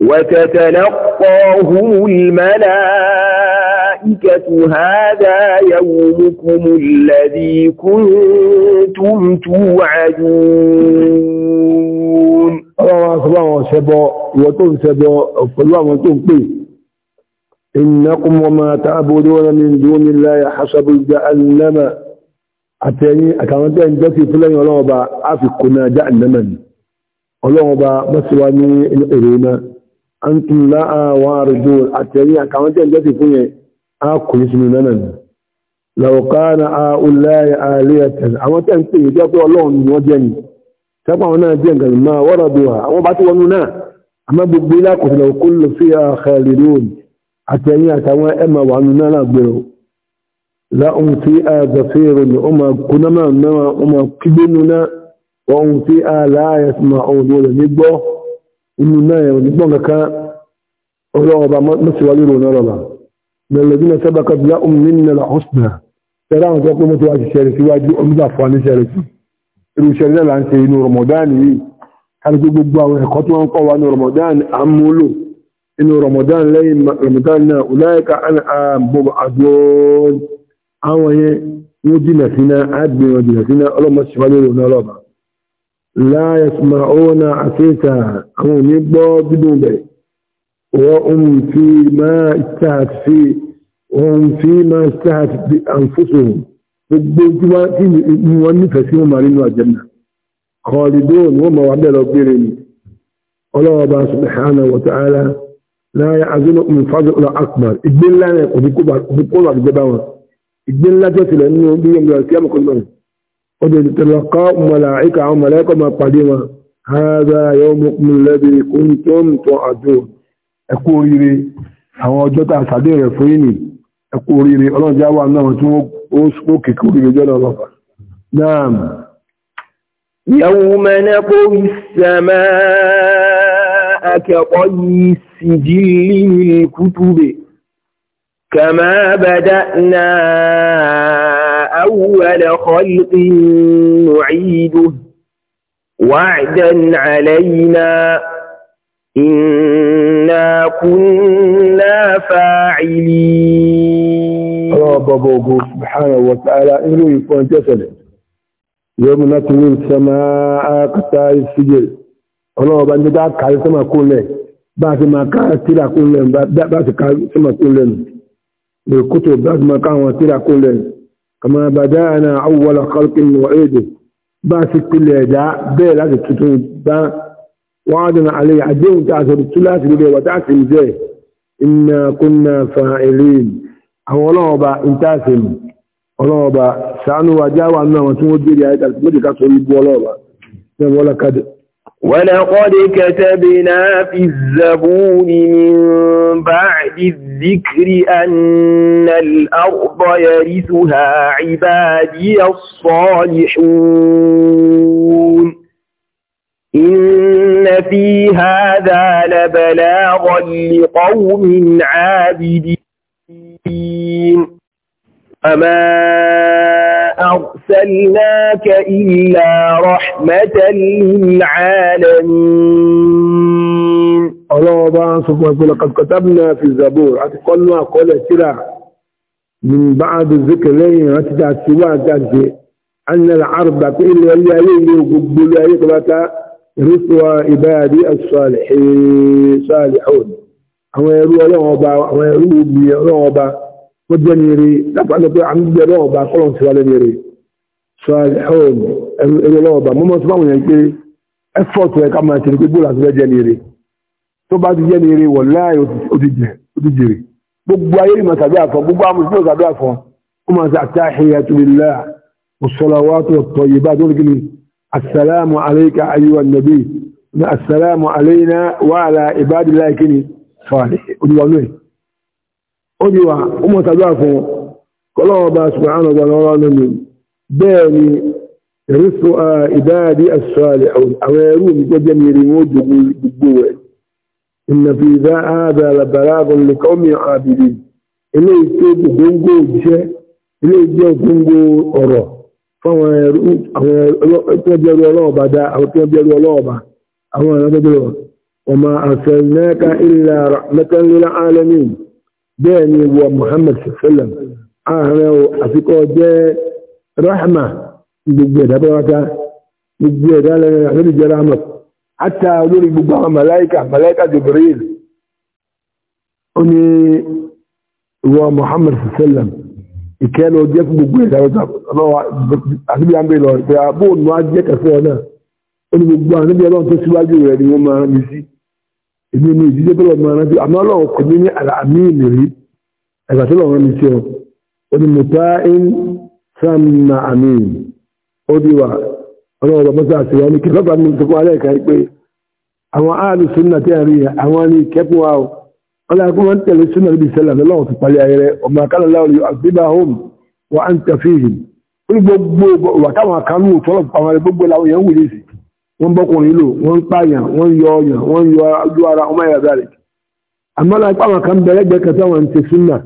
B: وتتلقاهم الملائكة الملائكة هذا يومكم الذي كنتم توعدون
A: الله سبحانه وتعالى وطن سبع فالله وطن إنكم وما تعبدون من دون الله حسب جأنما أتاني أكامتا إن جاتي فلان الله أبا أفقنا جأنما الله أبا مسواني الإرينا أنتم لا واردون أتاني أكامتا إن جاتي فلان akùnrin sínú náà nì lọ́ọ̀kánà àúláyà àríyàtẹ̀ àwọn tẹ́ ń pè é jẹ́ pé ọlọ́run ni wọ́n jẹ́ ni sábà wọn náà jẹ́ nǹkan máa wọ́rọ̀ bí wa àwọn bá tí wọnú náà àmọ́ gbogbo ilé àkọsílẹ̀ òkú lọ sí àkàlìlóòn àtẹ̀yìn àtàwọn ẹ̀mà wà nù náà lágbèrò láhùn sí àgbàfẹ́rò ni ó máa kúná náà ó kígbé nu náà wọ́n sí àláyà sí من الذين سبقت لهم منا الحسنى ترى ان تقوم متواجد شركي واجب امضى فاني شركي irú ṣẹlẹ̀ là ń ṣe inú Ramadan yìí kálukú gbogbo àwọn ẹ̀kọ́ tí wọ́n kọ́ wa ní Ramadan àmúlò inú Ramadan lẹ́yìn Ramadan náà ọláyẹ̀ká àbọ̀bọ̀ àdúrón àwọn yẹn wọ́n jìnà síná àgbìyàn jìnà síná ọlọ́mọṣẹ́fàlẹ́ وهم فيما اجتهد في وهم فيما اجتهد بأنفسهم بالجماعة مؤنفة سيما مارين الجنة خالدون وما وعد ربهم الله سبحانه وتعالى لا يعزل من فضل الأكبر إبن لا يقول بقول الجباوة إبن لا جسل أنه بيهم القيامة كل مرة قد تلقى ملائكة وملائكة ما قديمة هذا يومكم الذي كنتم توعدون ẹ kú oríire àwọn ọjọ́ tá a sàdé rẹ̀ fún yìí nì ẹ kú oríire ọlọ́run jáwà náà tí wọ́n ó kìkì oríire jọ́ náà lọ́fà náà.
B: يوم نطوي السماء كطي السجل للكتب كما بدأنا أول خلق نعيده وعدا علينا Inna kunna
A: fa'ilin. Ọlọ́wọ́ bọ̀bọ̀ ogun, Subhanahu wa ta'ala, irú ìfọ́n tẹ́sẹ̀lẹ̀. Yọ́mù náà tún ní ìṣẹ́mà ákàtà ìṣíjẹ̀. Ọlọ́wọ́ bá ń jẹ́dá kàrí sọ́mà kúnlẹ̀, bá ti máa ká tíra kúnlẹ̀, bá ti ká sọ́mà kúnlẹ̀. Lèkútò bá ti máa ká àwọn tíra kúnlẹ̀. Kàmá وعدنا عليه عدين تعثر الثلاث لديه وتعثم زي إنا كنا فاعلين أولا با انتاثم أولا با سعنوا وجاوا أنه وتمدير يا إيتال مدي كسر يبو أولا با ولا كد
B: ولقد كتبنا في الزبون من بعد الذكر أن الأرض يرثها عبادي الصالحون إن في هذا لبلاغا لقوم عابدين أما أرسلناك إلا رحمة
A: للعالمين الله أبا سبحانه لقد كتبنا في الزبور أتقلنا قول سرع من بعد الذكر لين أتدع السواء أن العرب كل اللي عليه يقبل عليك رثوى عبادي الصالحين صالحون àwọn ẹrú ọlọ́run ọba àwọn ẹrú omi ọlọ́run ọba wọ́n jẹ́ ní eré lápàdé pé àwọn ìgbẹ́ ọlọ́run ọba kọ́lọ̀ ti wá lẹ́nu eré ṣọ́ọ̀hún ẹrú ọlọ́run ọba mọ́mọ́ tó báwọn yẹn pé ẹ́fọ́ọ̀tù ẹ̀ka máa ti rí pé bóòlù àti fẹ́ jẹ́ السلام عليك أيها النبي السلام علينا وعلى عباد الله كني صالح ودوا نوي ودوا أمو تدافو كلهم با سبحانه وتعالى نمي باني رسو عباد الصالحون أويرون جميل وجبوه إن في ذا هذا لبلاغ لقوم عابدين إليه تيب غنغو جه إليه جه غنغو أروه fáwọn ẹrú àwọn tó bẹ̀rù ọlọ́ọ̀bá dá àwọn tó bẹ̀rù ọlọ́ọ̀bá àwọn ẹ̀rọ tó bẹ̀rù wa ma arsalnaka illa rahmatan lil alamin bẹ́ẹ̀ ni wọ Muhammad sallam ààrẹ o àfikọ́ jẹ́ rahma gbogbo ẹ̀dá bá wáta gbogbo ẹ̀dá lẹ́yìn àti jẹ́ rahma àtà olórí gbogbo àwọn màláìkà ìkẹ́ lọ jẹ́ fún gbogbo ẹ̀dá ọlọ́wà àti bí a ń bè lọ pé àbóònù á jẹ́ kẹfẹ́ ọ náà ó ní gbogbo àwọn níbi ọlọ́run tó síwájú rẹ̀ ni wọ́n máa rán sí èmi ní ìdílé tó na máa rán sí àmọ́ ọlọ́run kò ní ní àmì ìlérí ẹ̀gbà tó ń àmì ó di wà ọlọ́run ولكن أنت للسنة النبي صلى الله عليه وسلم الله تطلع عليه وما كان الله ليعذبهم وأنت فيهم وكما كانوا طلب أما gbogbo làwọn èèyàn wùlé sí wọ́n bọ́kùnrin lò wọ́n pààyàn wọ́n yọ ọyàn wọ́n yọ ojú ara ọmọ ẹ̀yà dáre àmọ́ láti pàwọn kan bẹ̀rẹ̀ gbẹ́ kẹta wọn ti súnà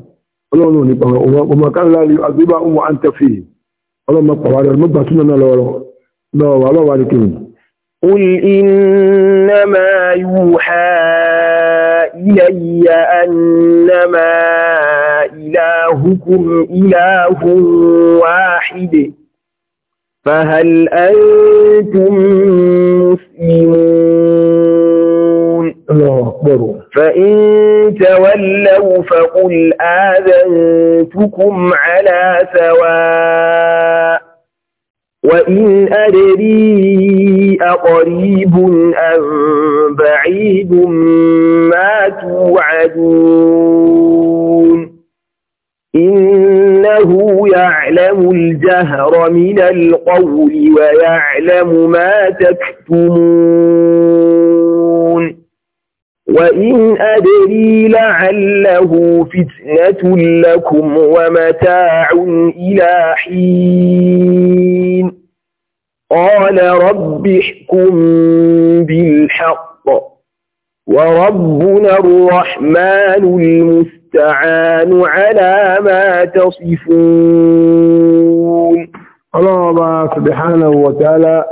A: ọlọ́run ní pàwọn ọmọ kan láàrin àgbébà wọn à ń tẹ̀ fi ọlọ́mọ pàwọn rẹ̀ mọ́gbà súnà náà lọ́wọ́ lọ́wọ́ wà lọ́wọ́ wà ní kìnnìún.
B: إلي أنما إلهكم إله واحد فهل أنتم مسلمون
A: الله أكبر
B: فإن تولوا فقل آذنتكم على سواء وإن أدري أقريب أم بعيد ما توعدون إنه يعلم الجهر من القول ويعلم ما تكتمون وإن أدري لعله فتنة لكم ومتاع إلى حين قال رب احكم بالحق وربنا الرحمن المستعان
A: على ما تصفون الله سبحانه وتعالى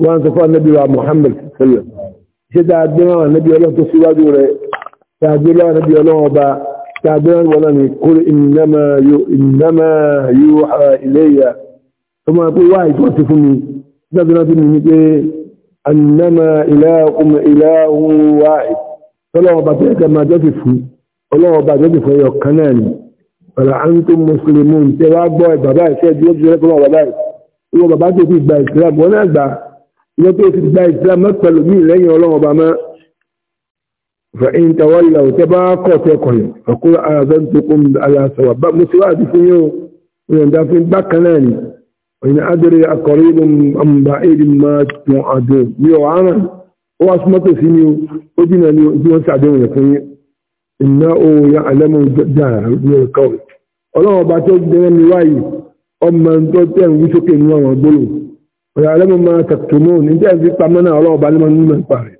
A: وان صفى النبي محمد صلى الله عليه وسلم شدى الدماء النبي الله تصفى دوره شدى الله نبي الله با شدى الله ولني قل إنما يوحى إلي ثم يقول واحد وصفني gbẹ́gbẹ́rẹ́ bí mi pé annama ilahum ilahun wahid tọ́lọ́wọ́ bá tẹ́ ẹ̀kẹ́ máa jọ́sì fún ọlọ́wọ́ bá jọ́sì fún ẹyọ kan náà ni ọ̀là antum muslimun tẹ́ wá gbọ́ ẹ̀ bàbá ìfẹ́ bí ó ti rẹ́ kọ́mọ bàbá ẹ̀ ìwọ bàbá tó ti gba ìsìlámù wọn náà gbà ìwọ tó وإن أدري أقريب أم بعيد ما تعدون يوعانا وأسمت سنيو ودنا نيو سعدون يكون إنه يعلم الجهر من القول ọlọ́wọ́ bá tó dẹ́rẹ́ mi wáyé ọmọ tó tẹ̀ ń wíṣókè ní ọ̀rọ̀ gbólò ọ̀yà alẹ́mọ̀ máa tàkùtùmọ́ ní jẹ́ ìfi pamọ́ náà ọlọ́wọ́ bá lẹ́mọ̀ nínú ẹ̀pà rẹ̀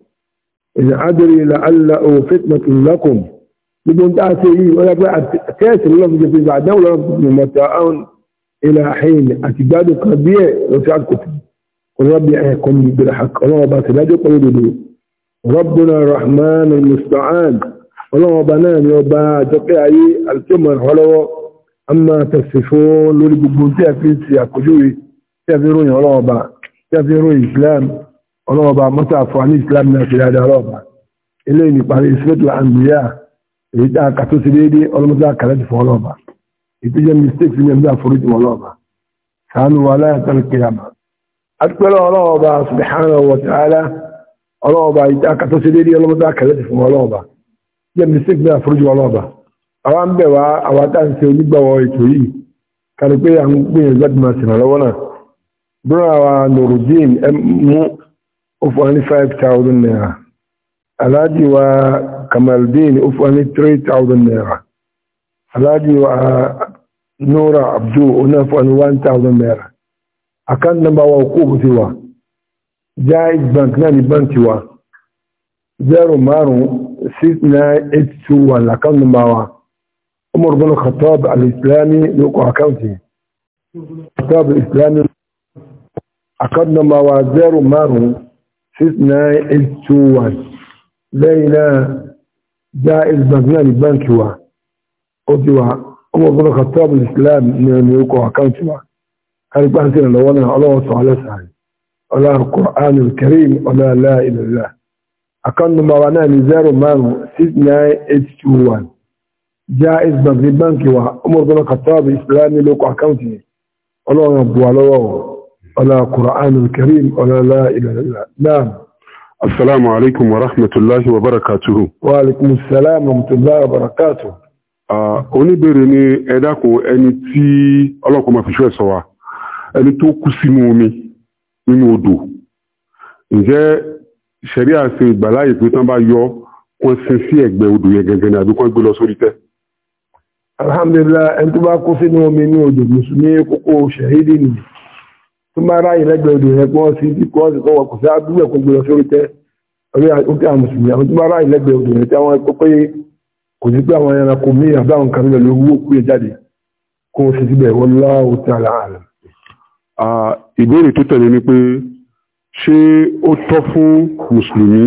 A: ìyà adìrẹ ilẹ̀ alẹ́ ò fẹ́tìmọ̀ tó lọ́wọ́ fi jẹ́ ilẹ̀ àhẹ́yìn àti gbádùn kan bí ẹ̀ lọ sí àkókò ọlọ́bí ẹ̀ kọ́ mi bẹ̀rẹ̀ ọlọ́ọba tẹ̀lájọ́ pẹ̀lú òdodo rọ́bùnà rahman musta'an ọlọ́ọba náà ni ọba àjọpẹ́ ayé alkemar ọlọ́wọ́ a máa tẹ̀sí fún lórí gbogbo tí a fi ń ṣe àkójúwe tí a fi ròyìn ọlọ́ọba tí ìtẹ́jẹ́ mistake ní ẹgbẹ́ àforíjì wọn lọ́ọ̀bà sàánú wa láyàtàlù kìyàmà àtúpẹ́lẹ̀ ọlọ́ọ̀bà subhanahu wa ta'ala ọlọ́ọ̀bà ìtàkàtọ́ sí dédé ọlọ́mọdé àkàlẹ́tì fún ọlọ́ọ̀bà jẹ́ mistake ní àforíjì wọn lọ́ọ̀bà àwọn bẹ̀ wá àwọn táǹsẹ̀ onígbàwọ̀ ètò yìí kàrí pé à ń gbìyànjú láti máa sìnà lọ́wọ́ náà búrọ̀ e wa nurudin mú ó nora abdu ona fún 1000 naira account number wa kó bó ti wà jaiz bank náà ní báńkì wa 0569821 account number wa umar bin khattab al-islami ló kọ account yìí khattab al-islami account number wa 0569821 lẹ́yìn náà jaiz bank náà ní báńkì wa ó ti wà ọmọ ọgbọ́n kàtàbù islam ní ọmọ orúkọ àkáǹtì wa kárígbá sí ìrànlọ́wọ́ náà ọlọ́wọ́ sọ alẹ́sàárì ọlá Qur'an al-Karim ọlá aláìlélá àkáǹtì nọ́mbà náà ní 0569821 Jaiz banki banki wa ọmọ ọgbọ́n kàtàbù islam ní orúkọ àkáǹtì ọlọ́wọ́ buwa lọ́wọ́ ọlá Qur'an al-Karim ọlá aláìlélá náà
C: Assalamu alaikum wa rahmatullahi wa barakatuhu.
A: Wa alaikum wa rahmatullahi wa barakatuhu
C: oníbèrè ni ẹ dákun ẹni tí ọlọ́kùnrin máa fi ṣọ́ ẹ̀sọ́ wa ẹni tó kú sínú omi nínú odò ǹjẹ́ ṣẹ̀rí àṣẹ ìgbàláyè pé tán bá yọ wọ́n sin sí ẹ̀gbẹ́ odò yẹn gẹ́gẹ́ ni àbí kán gbé lọ sórí tẹ́.
A: alhamdulillah ẹni tó bá kú sínú omi ní odò mùsùlùmí kókó ṣẹ̀hídì nì tó máa ráyè lẹ́gbẹ̀ẹ́ odò yẹn pọ́n sí bí kọ́ọ̀sì kan wà kò sí abúlé kó kò sí pé àwọn ẹranko mí àbáwọn kan nílẹ̀ ló wó pé jáde kó ṣe síbẹ̀ wallahu ta'ala alam.
C: ìbéèrè tó tẹ̀lé ni pé ṣé ó tọ́ fún mùsùlùmí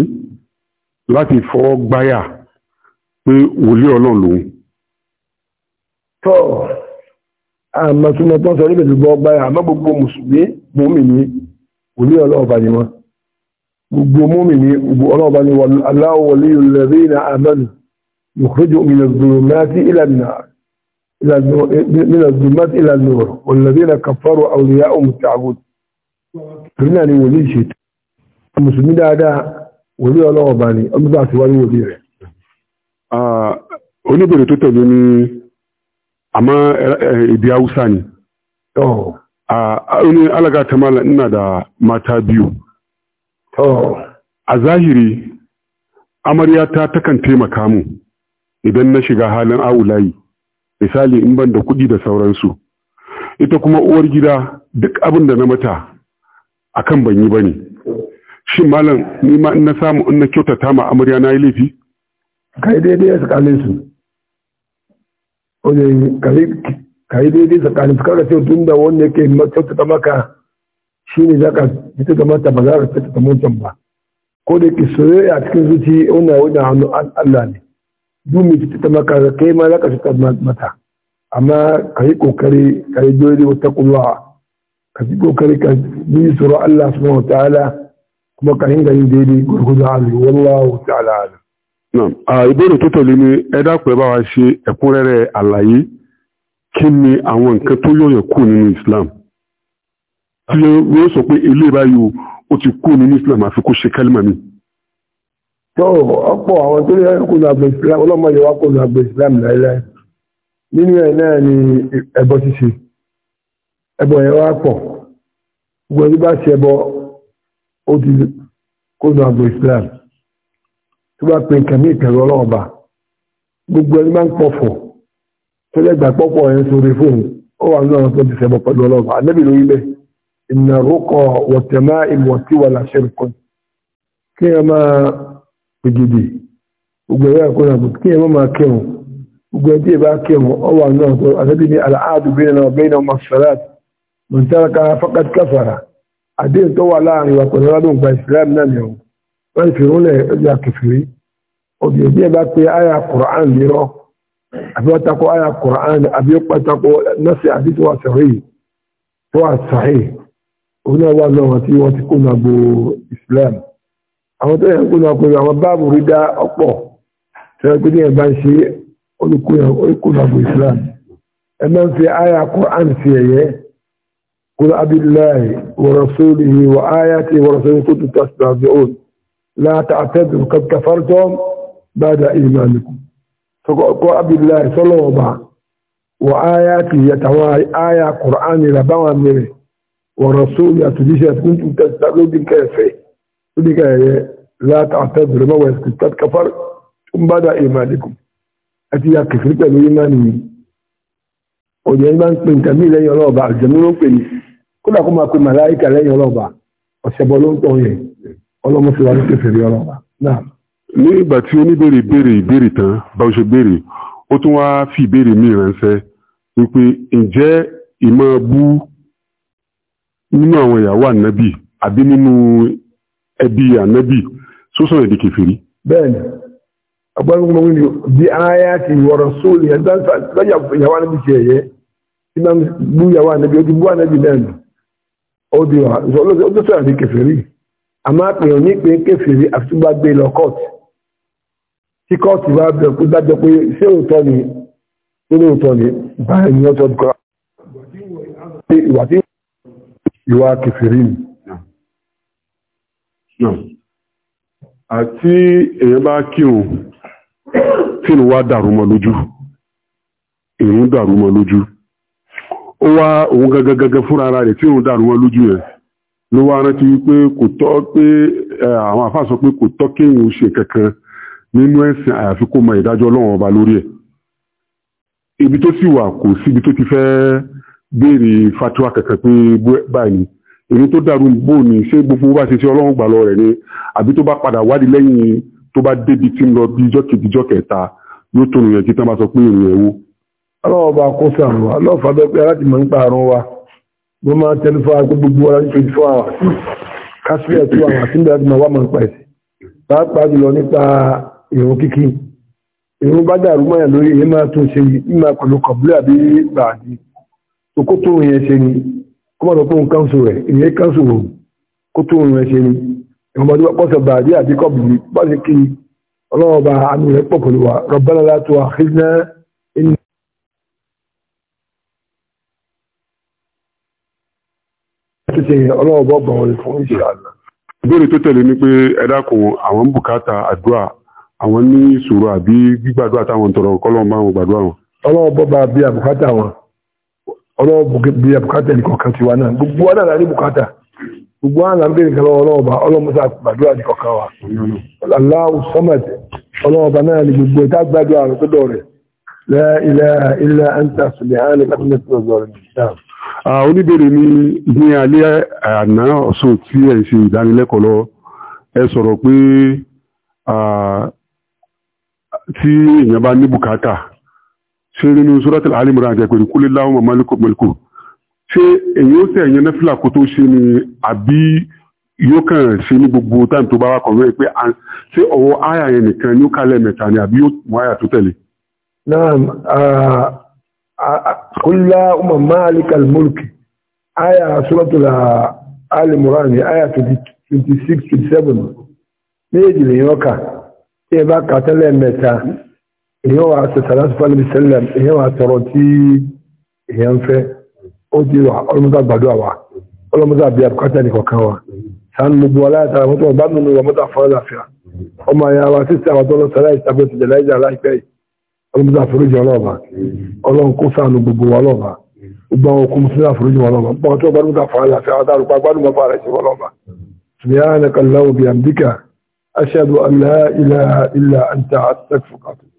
C: láti fọwọ́ gbáyà pé wòlíì ọlọ́run lòun.
A: tọ́ àmọ́ tí mo tán sọ níbi tí gbọ́ gbáyà àmọ́ gbogbo mùsùlùmí mọ́mì ní wòlíì ọlọ́run bá ní wọn gbogbo mọ́mì ní gbogbo ọlọ́run bá ní wọn يخرجه من الظلمات إلى النار النور من الظلمات إلى النور والذين كفروا أولياءهم التعبد فلنا نولي شيء المسلمين هذا ولي الله باني أمضى سواني ولي رẹ̀
C: oníbèrè tó tẹ̀lé ní àmọ́ èdè haúsá ni ní alága tamala ina da mata biyu a zahiri amarya ta takan taimaka mu idan na shiga halin awulayi, misali in ban da kuɗi da sauransu ita kuma uwar gida duk abin da na mata a kan ban yi ne. shi malam nima ma in na samu in na kyautata ma amarya na yi laifi kai daidai
A: ya tsakanin su oje kai daidai tsakanin su kaga sai tun da wanda yake ta maka za ka fita da mata ba za ka fita da mutum ba ko da ke soyayya cikin zuci wani wannan hannu Allah ne dumi ta ta maka kai ma za ka fita mata amma ka yi kokari ka yi jori wata kullawa ka yi kokari ka yi tsoro Allah subhanahu wataala kuma ka hinga yin daidai gurgudu azu wallahu ta'ala azu
C: naam a ìbéèrè tó tẹ̀lé ni ẹ dákun ẹ bá wa ṣe ẹ̀kúnrẹ́rẹ́ àlàyé kí ni àwọn nǹkan tó yọ̀yọ̀ kù nínú Islam tí yóò sọ pé ilé báyìí ó ti kù nínú Islam àfi kó ṣe kálímà mi
A: tó ọ̀pọ̀ àwọn tó yẹ kó lu àgbẹ̀ islam ọlọ́mọ yẹ wá kó lu àgbẹ̀ islam láéláé nínú ẹ̀ náà ni ẹbọ ṣíṣe ẹbọ yẹn wá pọ̀ gbogbo ẹni bá ṣe ẹbọ ó ti kó lu àgbẹ̀ islam tó bá pe nǹkan mí ìkẹrù ọlọ́ọ̀ba gbogbo ẹni máa ń pọ̀fọ̀ tó lẹ́gbàá pọ̀pọ̀ ẹ̀ ń sọ̀rọ̀ fóun ó wà nínú ọ̀nà tó ti ṣẹbọ pẹ̀lú ọlọ́ọ̀ba gbègede gbogbo ya kó náà kí ẹ̀ máa kẹrùn gbogbo ẹ̀ tí ẹ̀ bá kẹrùn ọwà náà tó àtẹ́bí ní aláàdù bí náà bẹ́ẹ̀ náà máa fẹ́rẹ́ mọ̀tàrà ká fákàtí káfàrà àdéhùn tó wà láàrin wa pẹ̀lú aládùn gba islam fi àwọn tó yẹ kó lọ pẹ̀lú àwọn báàbù rí dá ọ̀pọ̀ tó yẹ pé ní ẹ̀bá ń ṣe olùkúnàbù islam ẹ máa ń fi àyà Qur'an sí ẹ̀yẹ qul abillahi wa rasulihi wa ayatihi wa rasulihi kuntum tastahzi'un la ta'tadiru àyà Qur'an rẹ̀ báwọn mìíràn wa وديك لا تعتذر ما ويستد كفر ثم بدا ايمانكم اتي يا كفر pẹ̀lú imani oje iman pin kan mi lẹ́yìn Ọlọ́ba ajemi ló pè ní kódà kó máa pe màláíkà lẹ́yìn Ọlọ́ba ọ̀sẹ̀bọ ló ń tọ́ yẹn ọlọ́mọ fi wá ní kẹfẹ́rí Ọlọ́ba náà.
C: ní ìgbà tí oníbèrè béèrè ìbéèrè tán bá o ṣe béèrè ó tún wáá fi ìbéèrè mi ránṣẹ́ wípé ǹjẹ́ ìmọ̀ bú nínú àwọn ẹbí ànábì sọ́sọ́ èdè kẹfìrí.
A: bẹ́ẹ̀ni agbárùn-ún mi bí aya ti wọ̀rọ̀ sóòlì ẹ̀dá ìyàwó ànábì ti ẹ̀yẹ iná bú ìyàwó ànábì ojú bú ànábì náà nù ó di wà ó sọ èdè kẹfìrí àmọ́ àpèyàn ní pé kẹfìrí àfitúgbà gbé lọ kọ́ọ̀tù tí kọ́ọ̀tù bá bẹ̀rẹ̀ pé dájọ́ pé ṣé òótọ́ ni ṣé lóòótọ́ ni báyìí ni wọ́n sọ
C: ìwà kẹfìrí ni. àti èyàn bá tí tíìnù wá dàrú mọ lójú ìrún dàrú mọ lójú ó wá òun gẹ́gẹ́gẹ́gẹ́ fúnra ara rẹ̀ tí òun dàrú mọ lójú ẹ̀ ló wá rántí wípé kò tọ́ pé àwọn àfáà sọ pé kò tọ́ kéèyàn ṣe kankan nínú àyàfi kó mọ ọba lórí ibi tó sì wà kò síbi tó ti béèrè kankan pé báyìí èyí tó dàrú ìbò ní ṣé gbogbo bá ṣe ṣe ọlọ́run gbà lọ rẹ̀ ni àbí tó bá padà wádìí lẹ́yìn tó bá débi tí ń lọ bí ijọ́ kejì ijọ́ kẹta yóò tó nìyẹn kí tán bá sọ pé ìrìn ẹ̀wò.
A: aláwọ̀ bá kó sàrùn wa aláwọ̀ bá pẹ́ aláti mọ̀ ń pààrọ̀ wa ló máa ń tẹnu fún agbó gbogbo ọ̀la ní twenty hours kásílẹ̀ tó àwọn àti ìbẹ̀rẹ̀ máa máa ń pa ẹ̀sìn pàápàá jùlọ nípa ìrun kíkí ìrun bá dàrú mọ́yà lórí èyí máa tún ṣe yìí máa pẹ̀lú kọ̀bílẹ̀ àbí gbàdí òkótó yẹn ṣe ni ọmọdé kó ń kánṣu rẹ̀ ìyẹn kánṣu rò kó tó ń rẹ̀ ṣe ni ọmọdé pọ́sẹ̀ bàdí àti kọ́bù ní pọ́sẹ̀ kí ọlọ́wọ́ bá àánú rẹ̀ pọ̀ pẹ̀lú wa Rabbana la tu'akhidhna
C: ìbéèrè tó tẹ̀lé ni pé ẹ dákun àwọn ń bùkátà àdúrà àwọn ní ìṣòro àbí gbígbàdúrà táwọn tọrọ kọ́lọ́ọ̀ bá wọn
A: gbàdúrà ọlọ́ọ̀bù bí i bukata nìkọ̀ọ̀kan ti náà gbogbo wa náà bukata gbogbo wa náà ń ọlọ́ọ̀bà ọlọ́mọsá gbàdúrà nìkọ̀ọ̀kan wa ọlọ́ọ̀bà náà gbogbo ìta gbàdúrà rẹ̀ tó dọ̀rẹ̀
C: la ṣe rí nínú suratul alimura àti ẹ̀pẹ̀rẹ̀ kúlé láwọn malikul mulku ṣé èyí ó tẹ̀ ẹ̀yẹn nẹ́fìlà kó tó ṣe ni àbí yóò kàn ṣe ní gbogbo táìmù tó bá wà kọ̀wé pé ṣé ọwọ́ àyà yẹn nìkan ni ó kálẹ̀ mẹ́ta ni àbí yóò mú àyà tó tẹ̀lé.
A: naam kúlá èyàn wà àti sàlásùfà níbi sẹ́lẹ̀ èyàn wà àtọ̀rọ̀ tí èyàn ń fẹ́ ó ti wà ọlọ́mọdé àgbàdo àwà ọlọ́mọdé àbí àbúkátà nìkọ̀kan wa sàn gbogbo aláyàtàrà mọ́tò ọba nínú ìwà mọ́tò àfọ́lá láfíà ọmọ àyà wa sísè àwọn tọ́lọ́ sàlá ìtàgbẹ́ ti jẹ̀lá ìjà láìpẹ́ yìí ọlọ́mọdé àforíjì ọlọ́ọ̀bà ọlọ́run kó sànù gbogbo wa lọ́ọ̀bà gbogbo àwọn okùn sí àforíjì wa lọ́ọ̀bà gbogbo tó ọba nínú àfọ́lá láfíà àwọn àrùkọ agbádùn mọ́fà rẹ̀ sí ọlọ́ọ̀bà سبحانك اللهم وبحمدك أشهد أن لا إله إلا أنت أستغفرك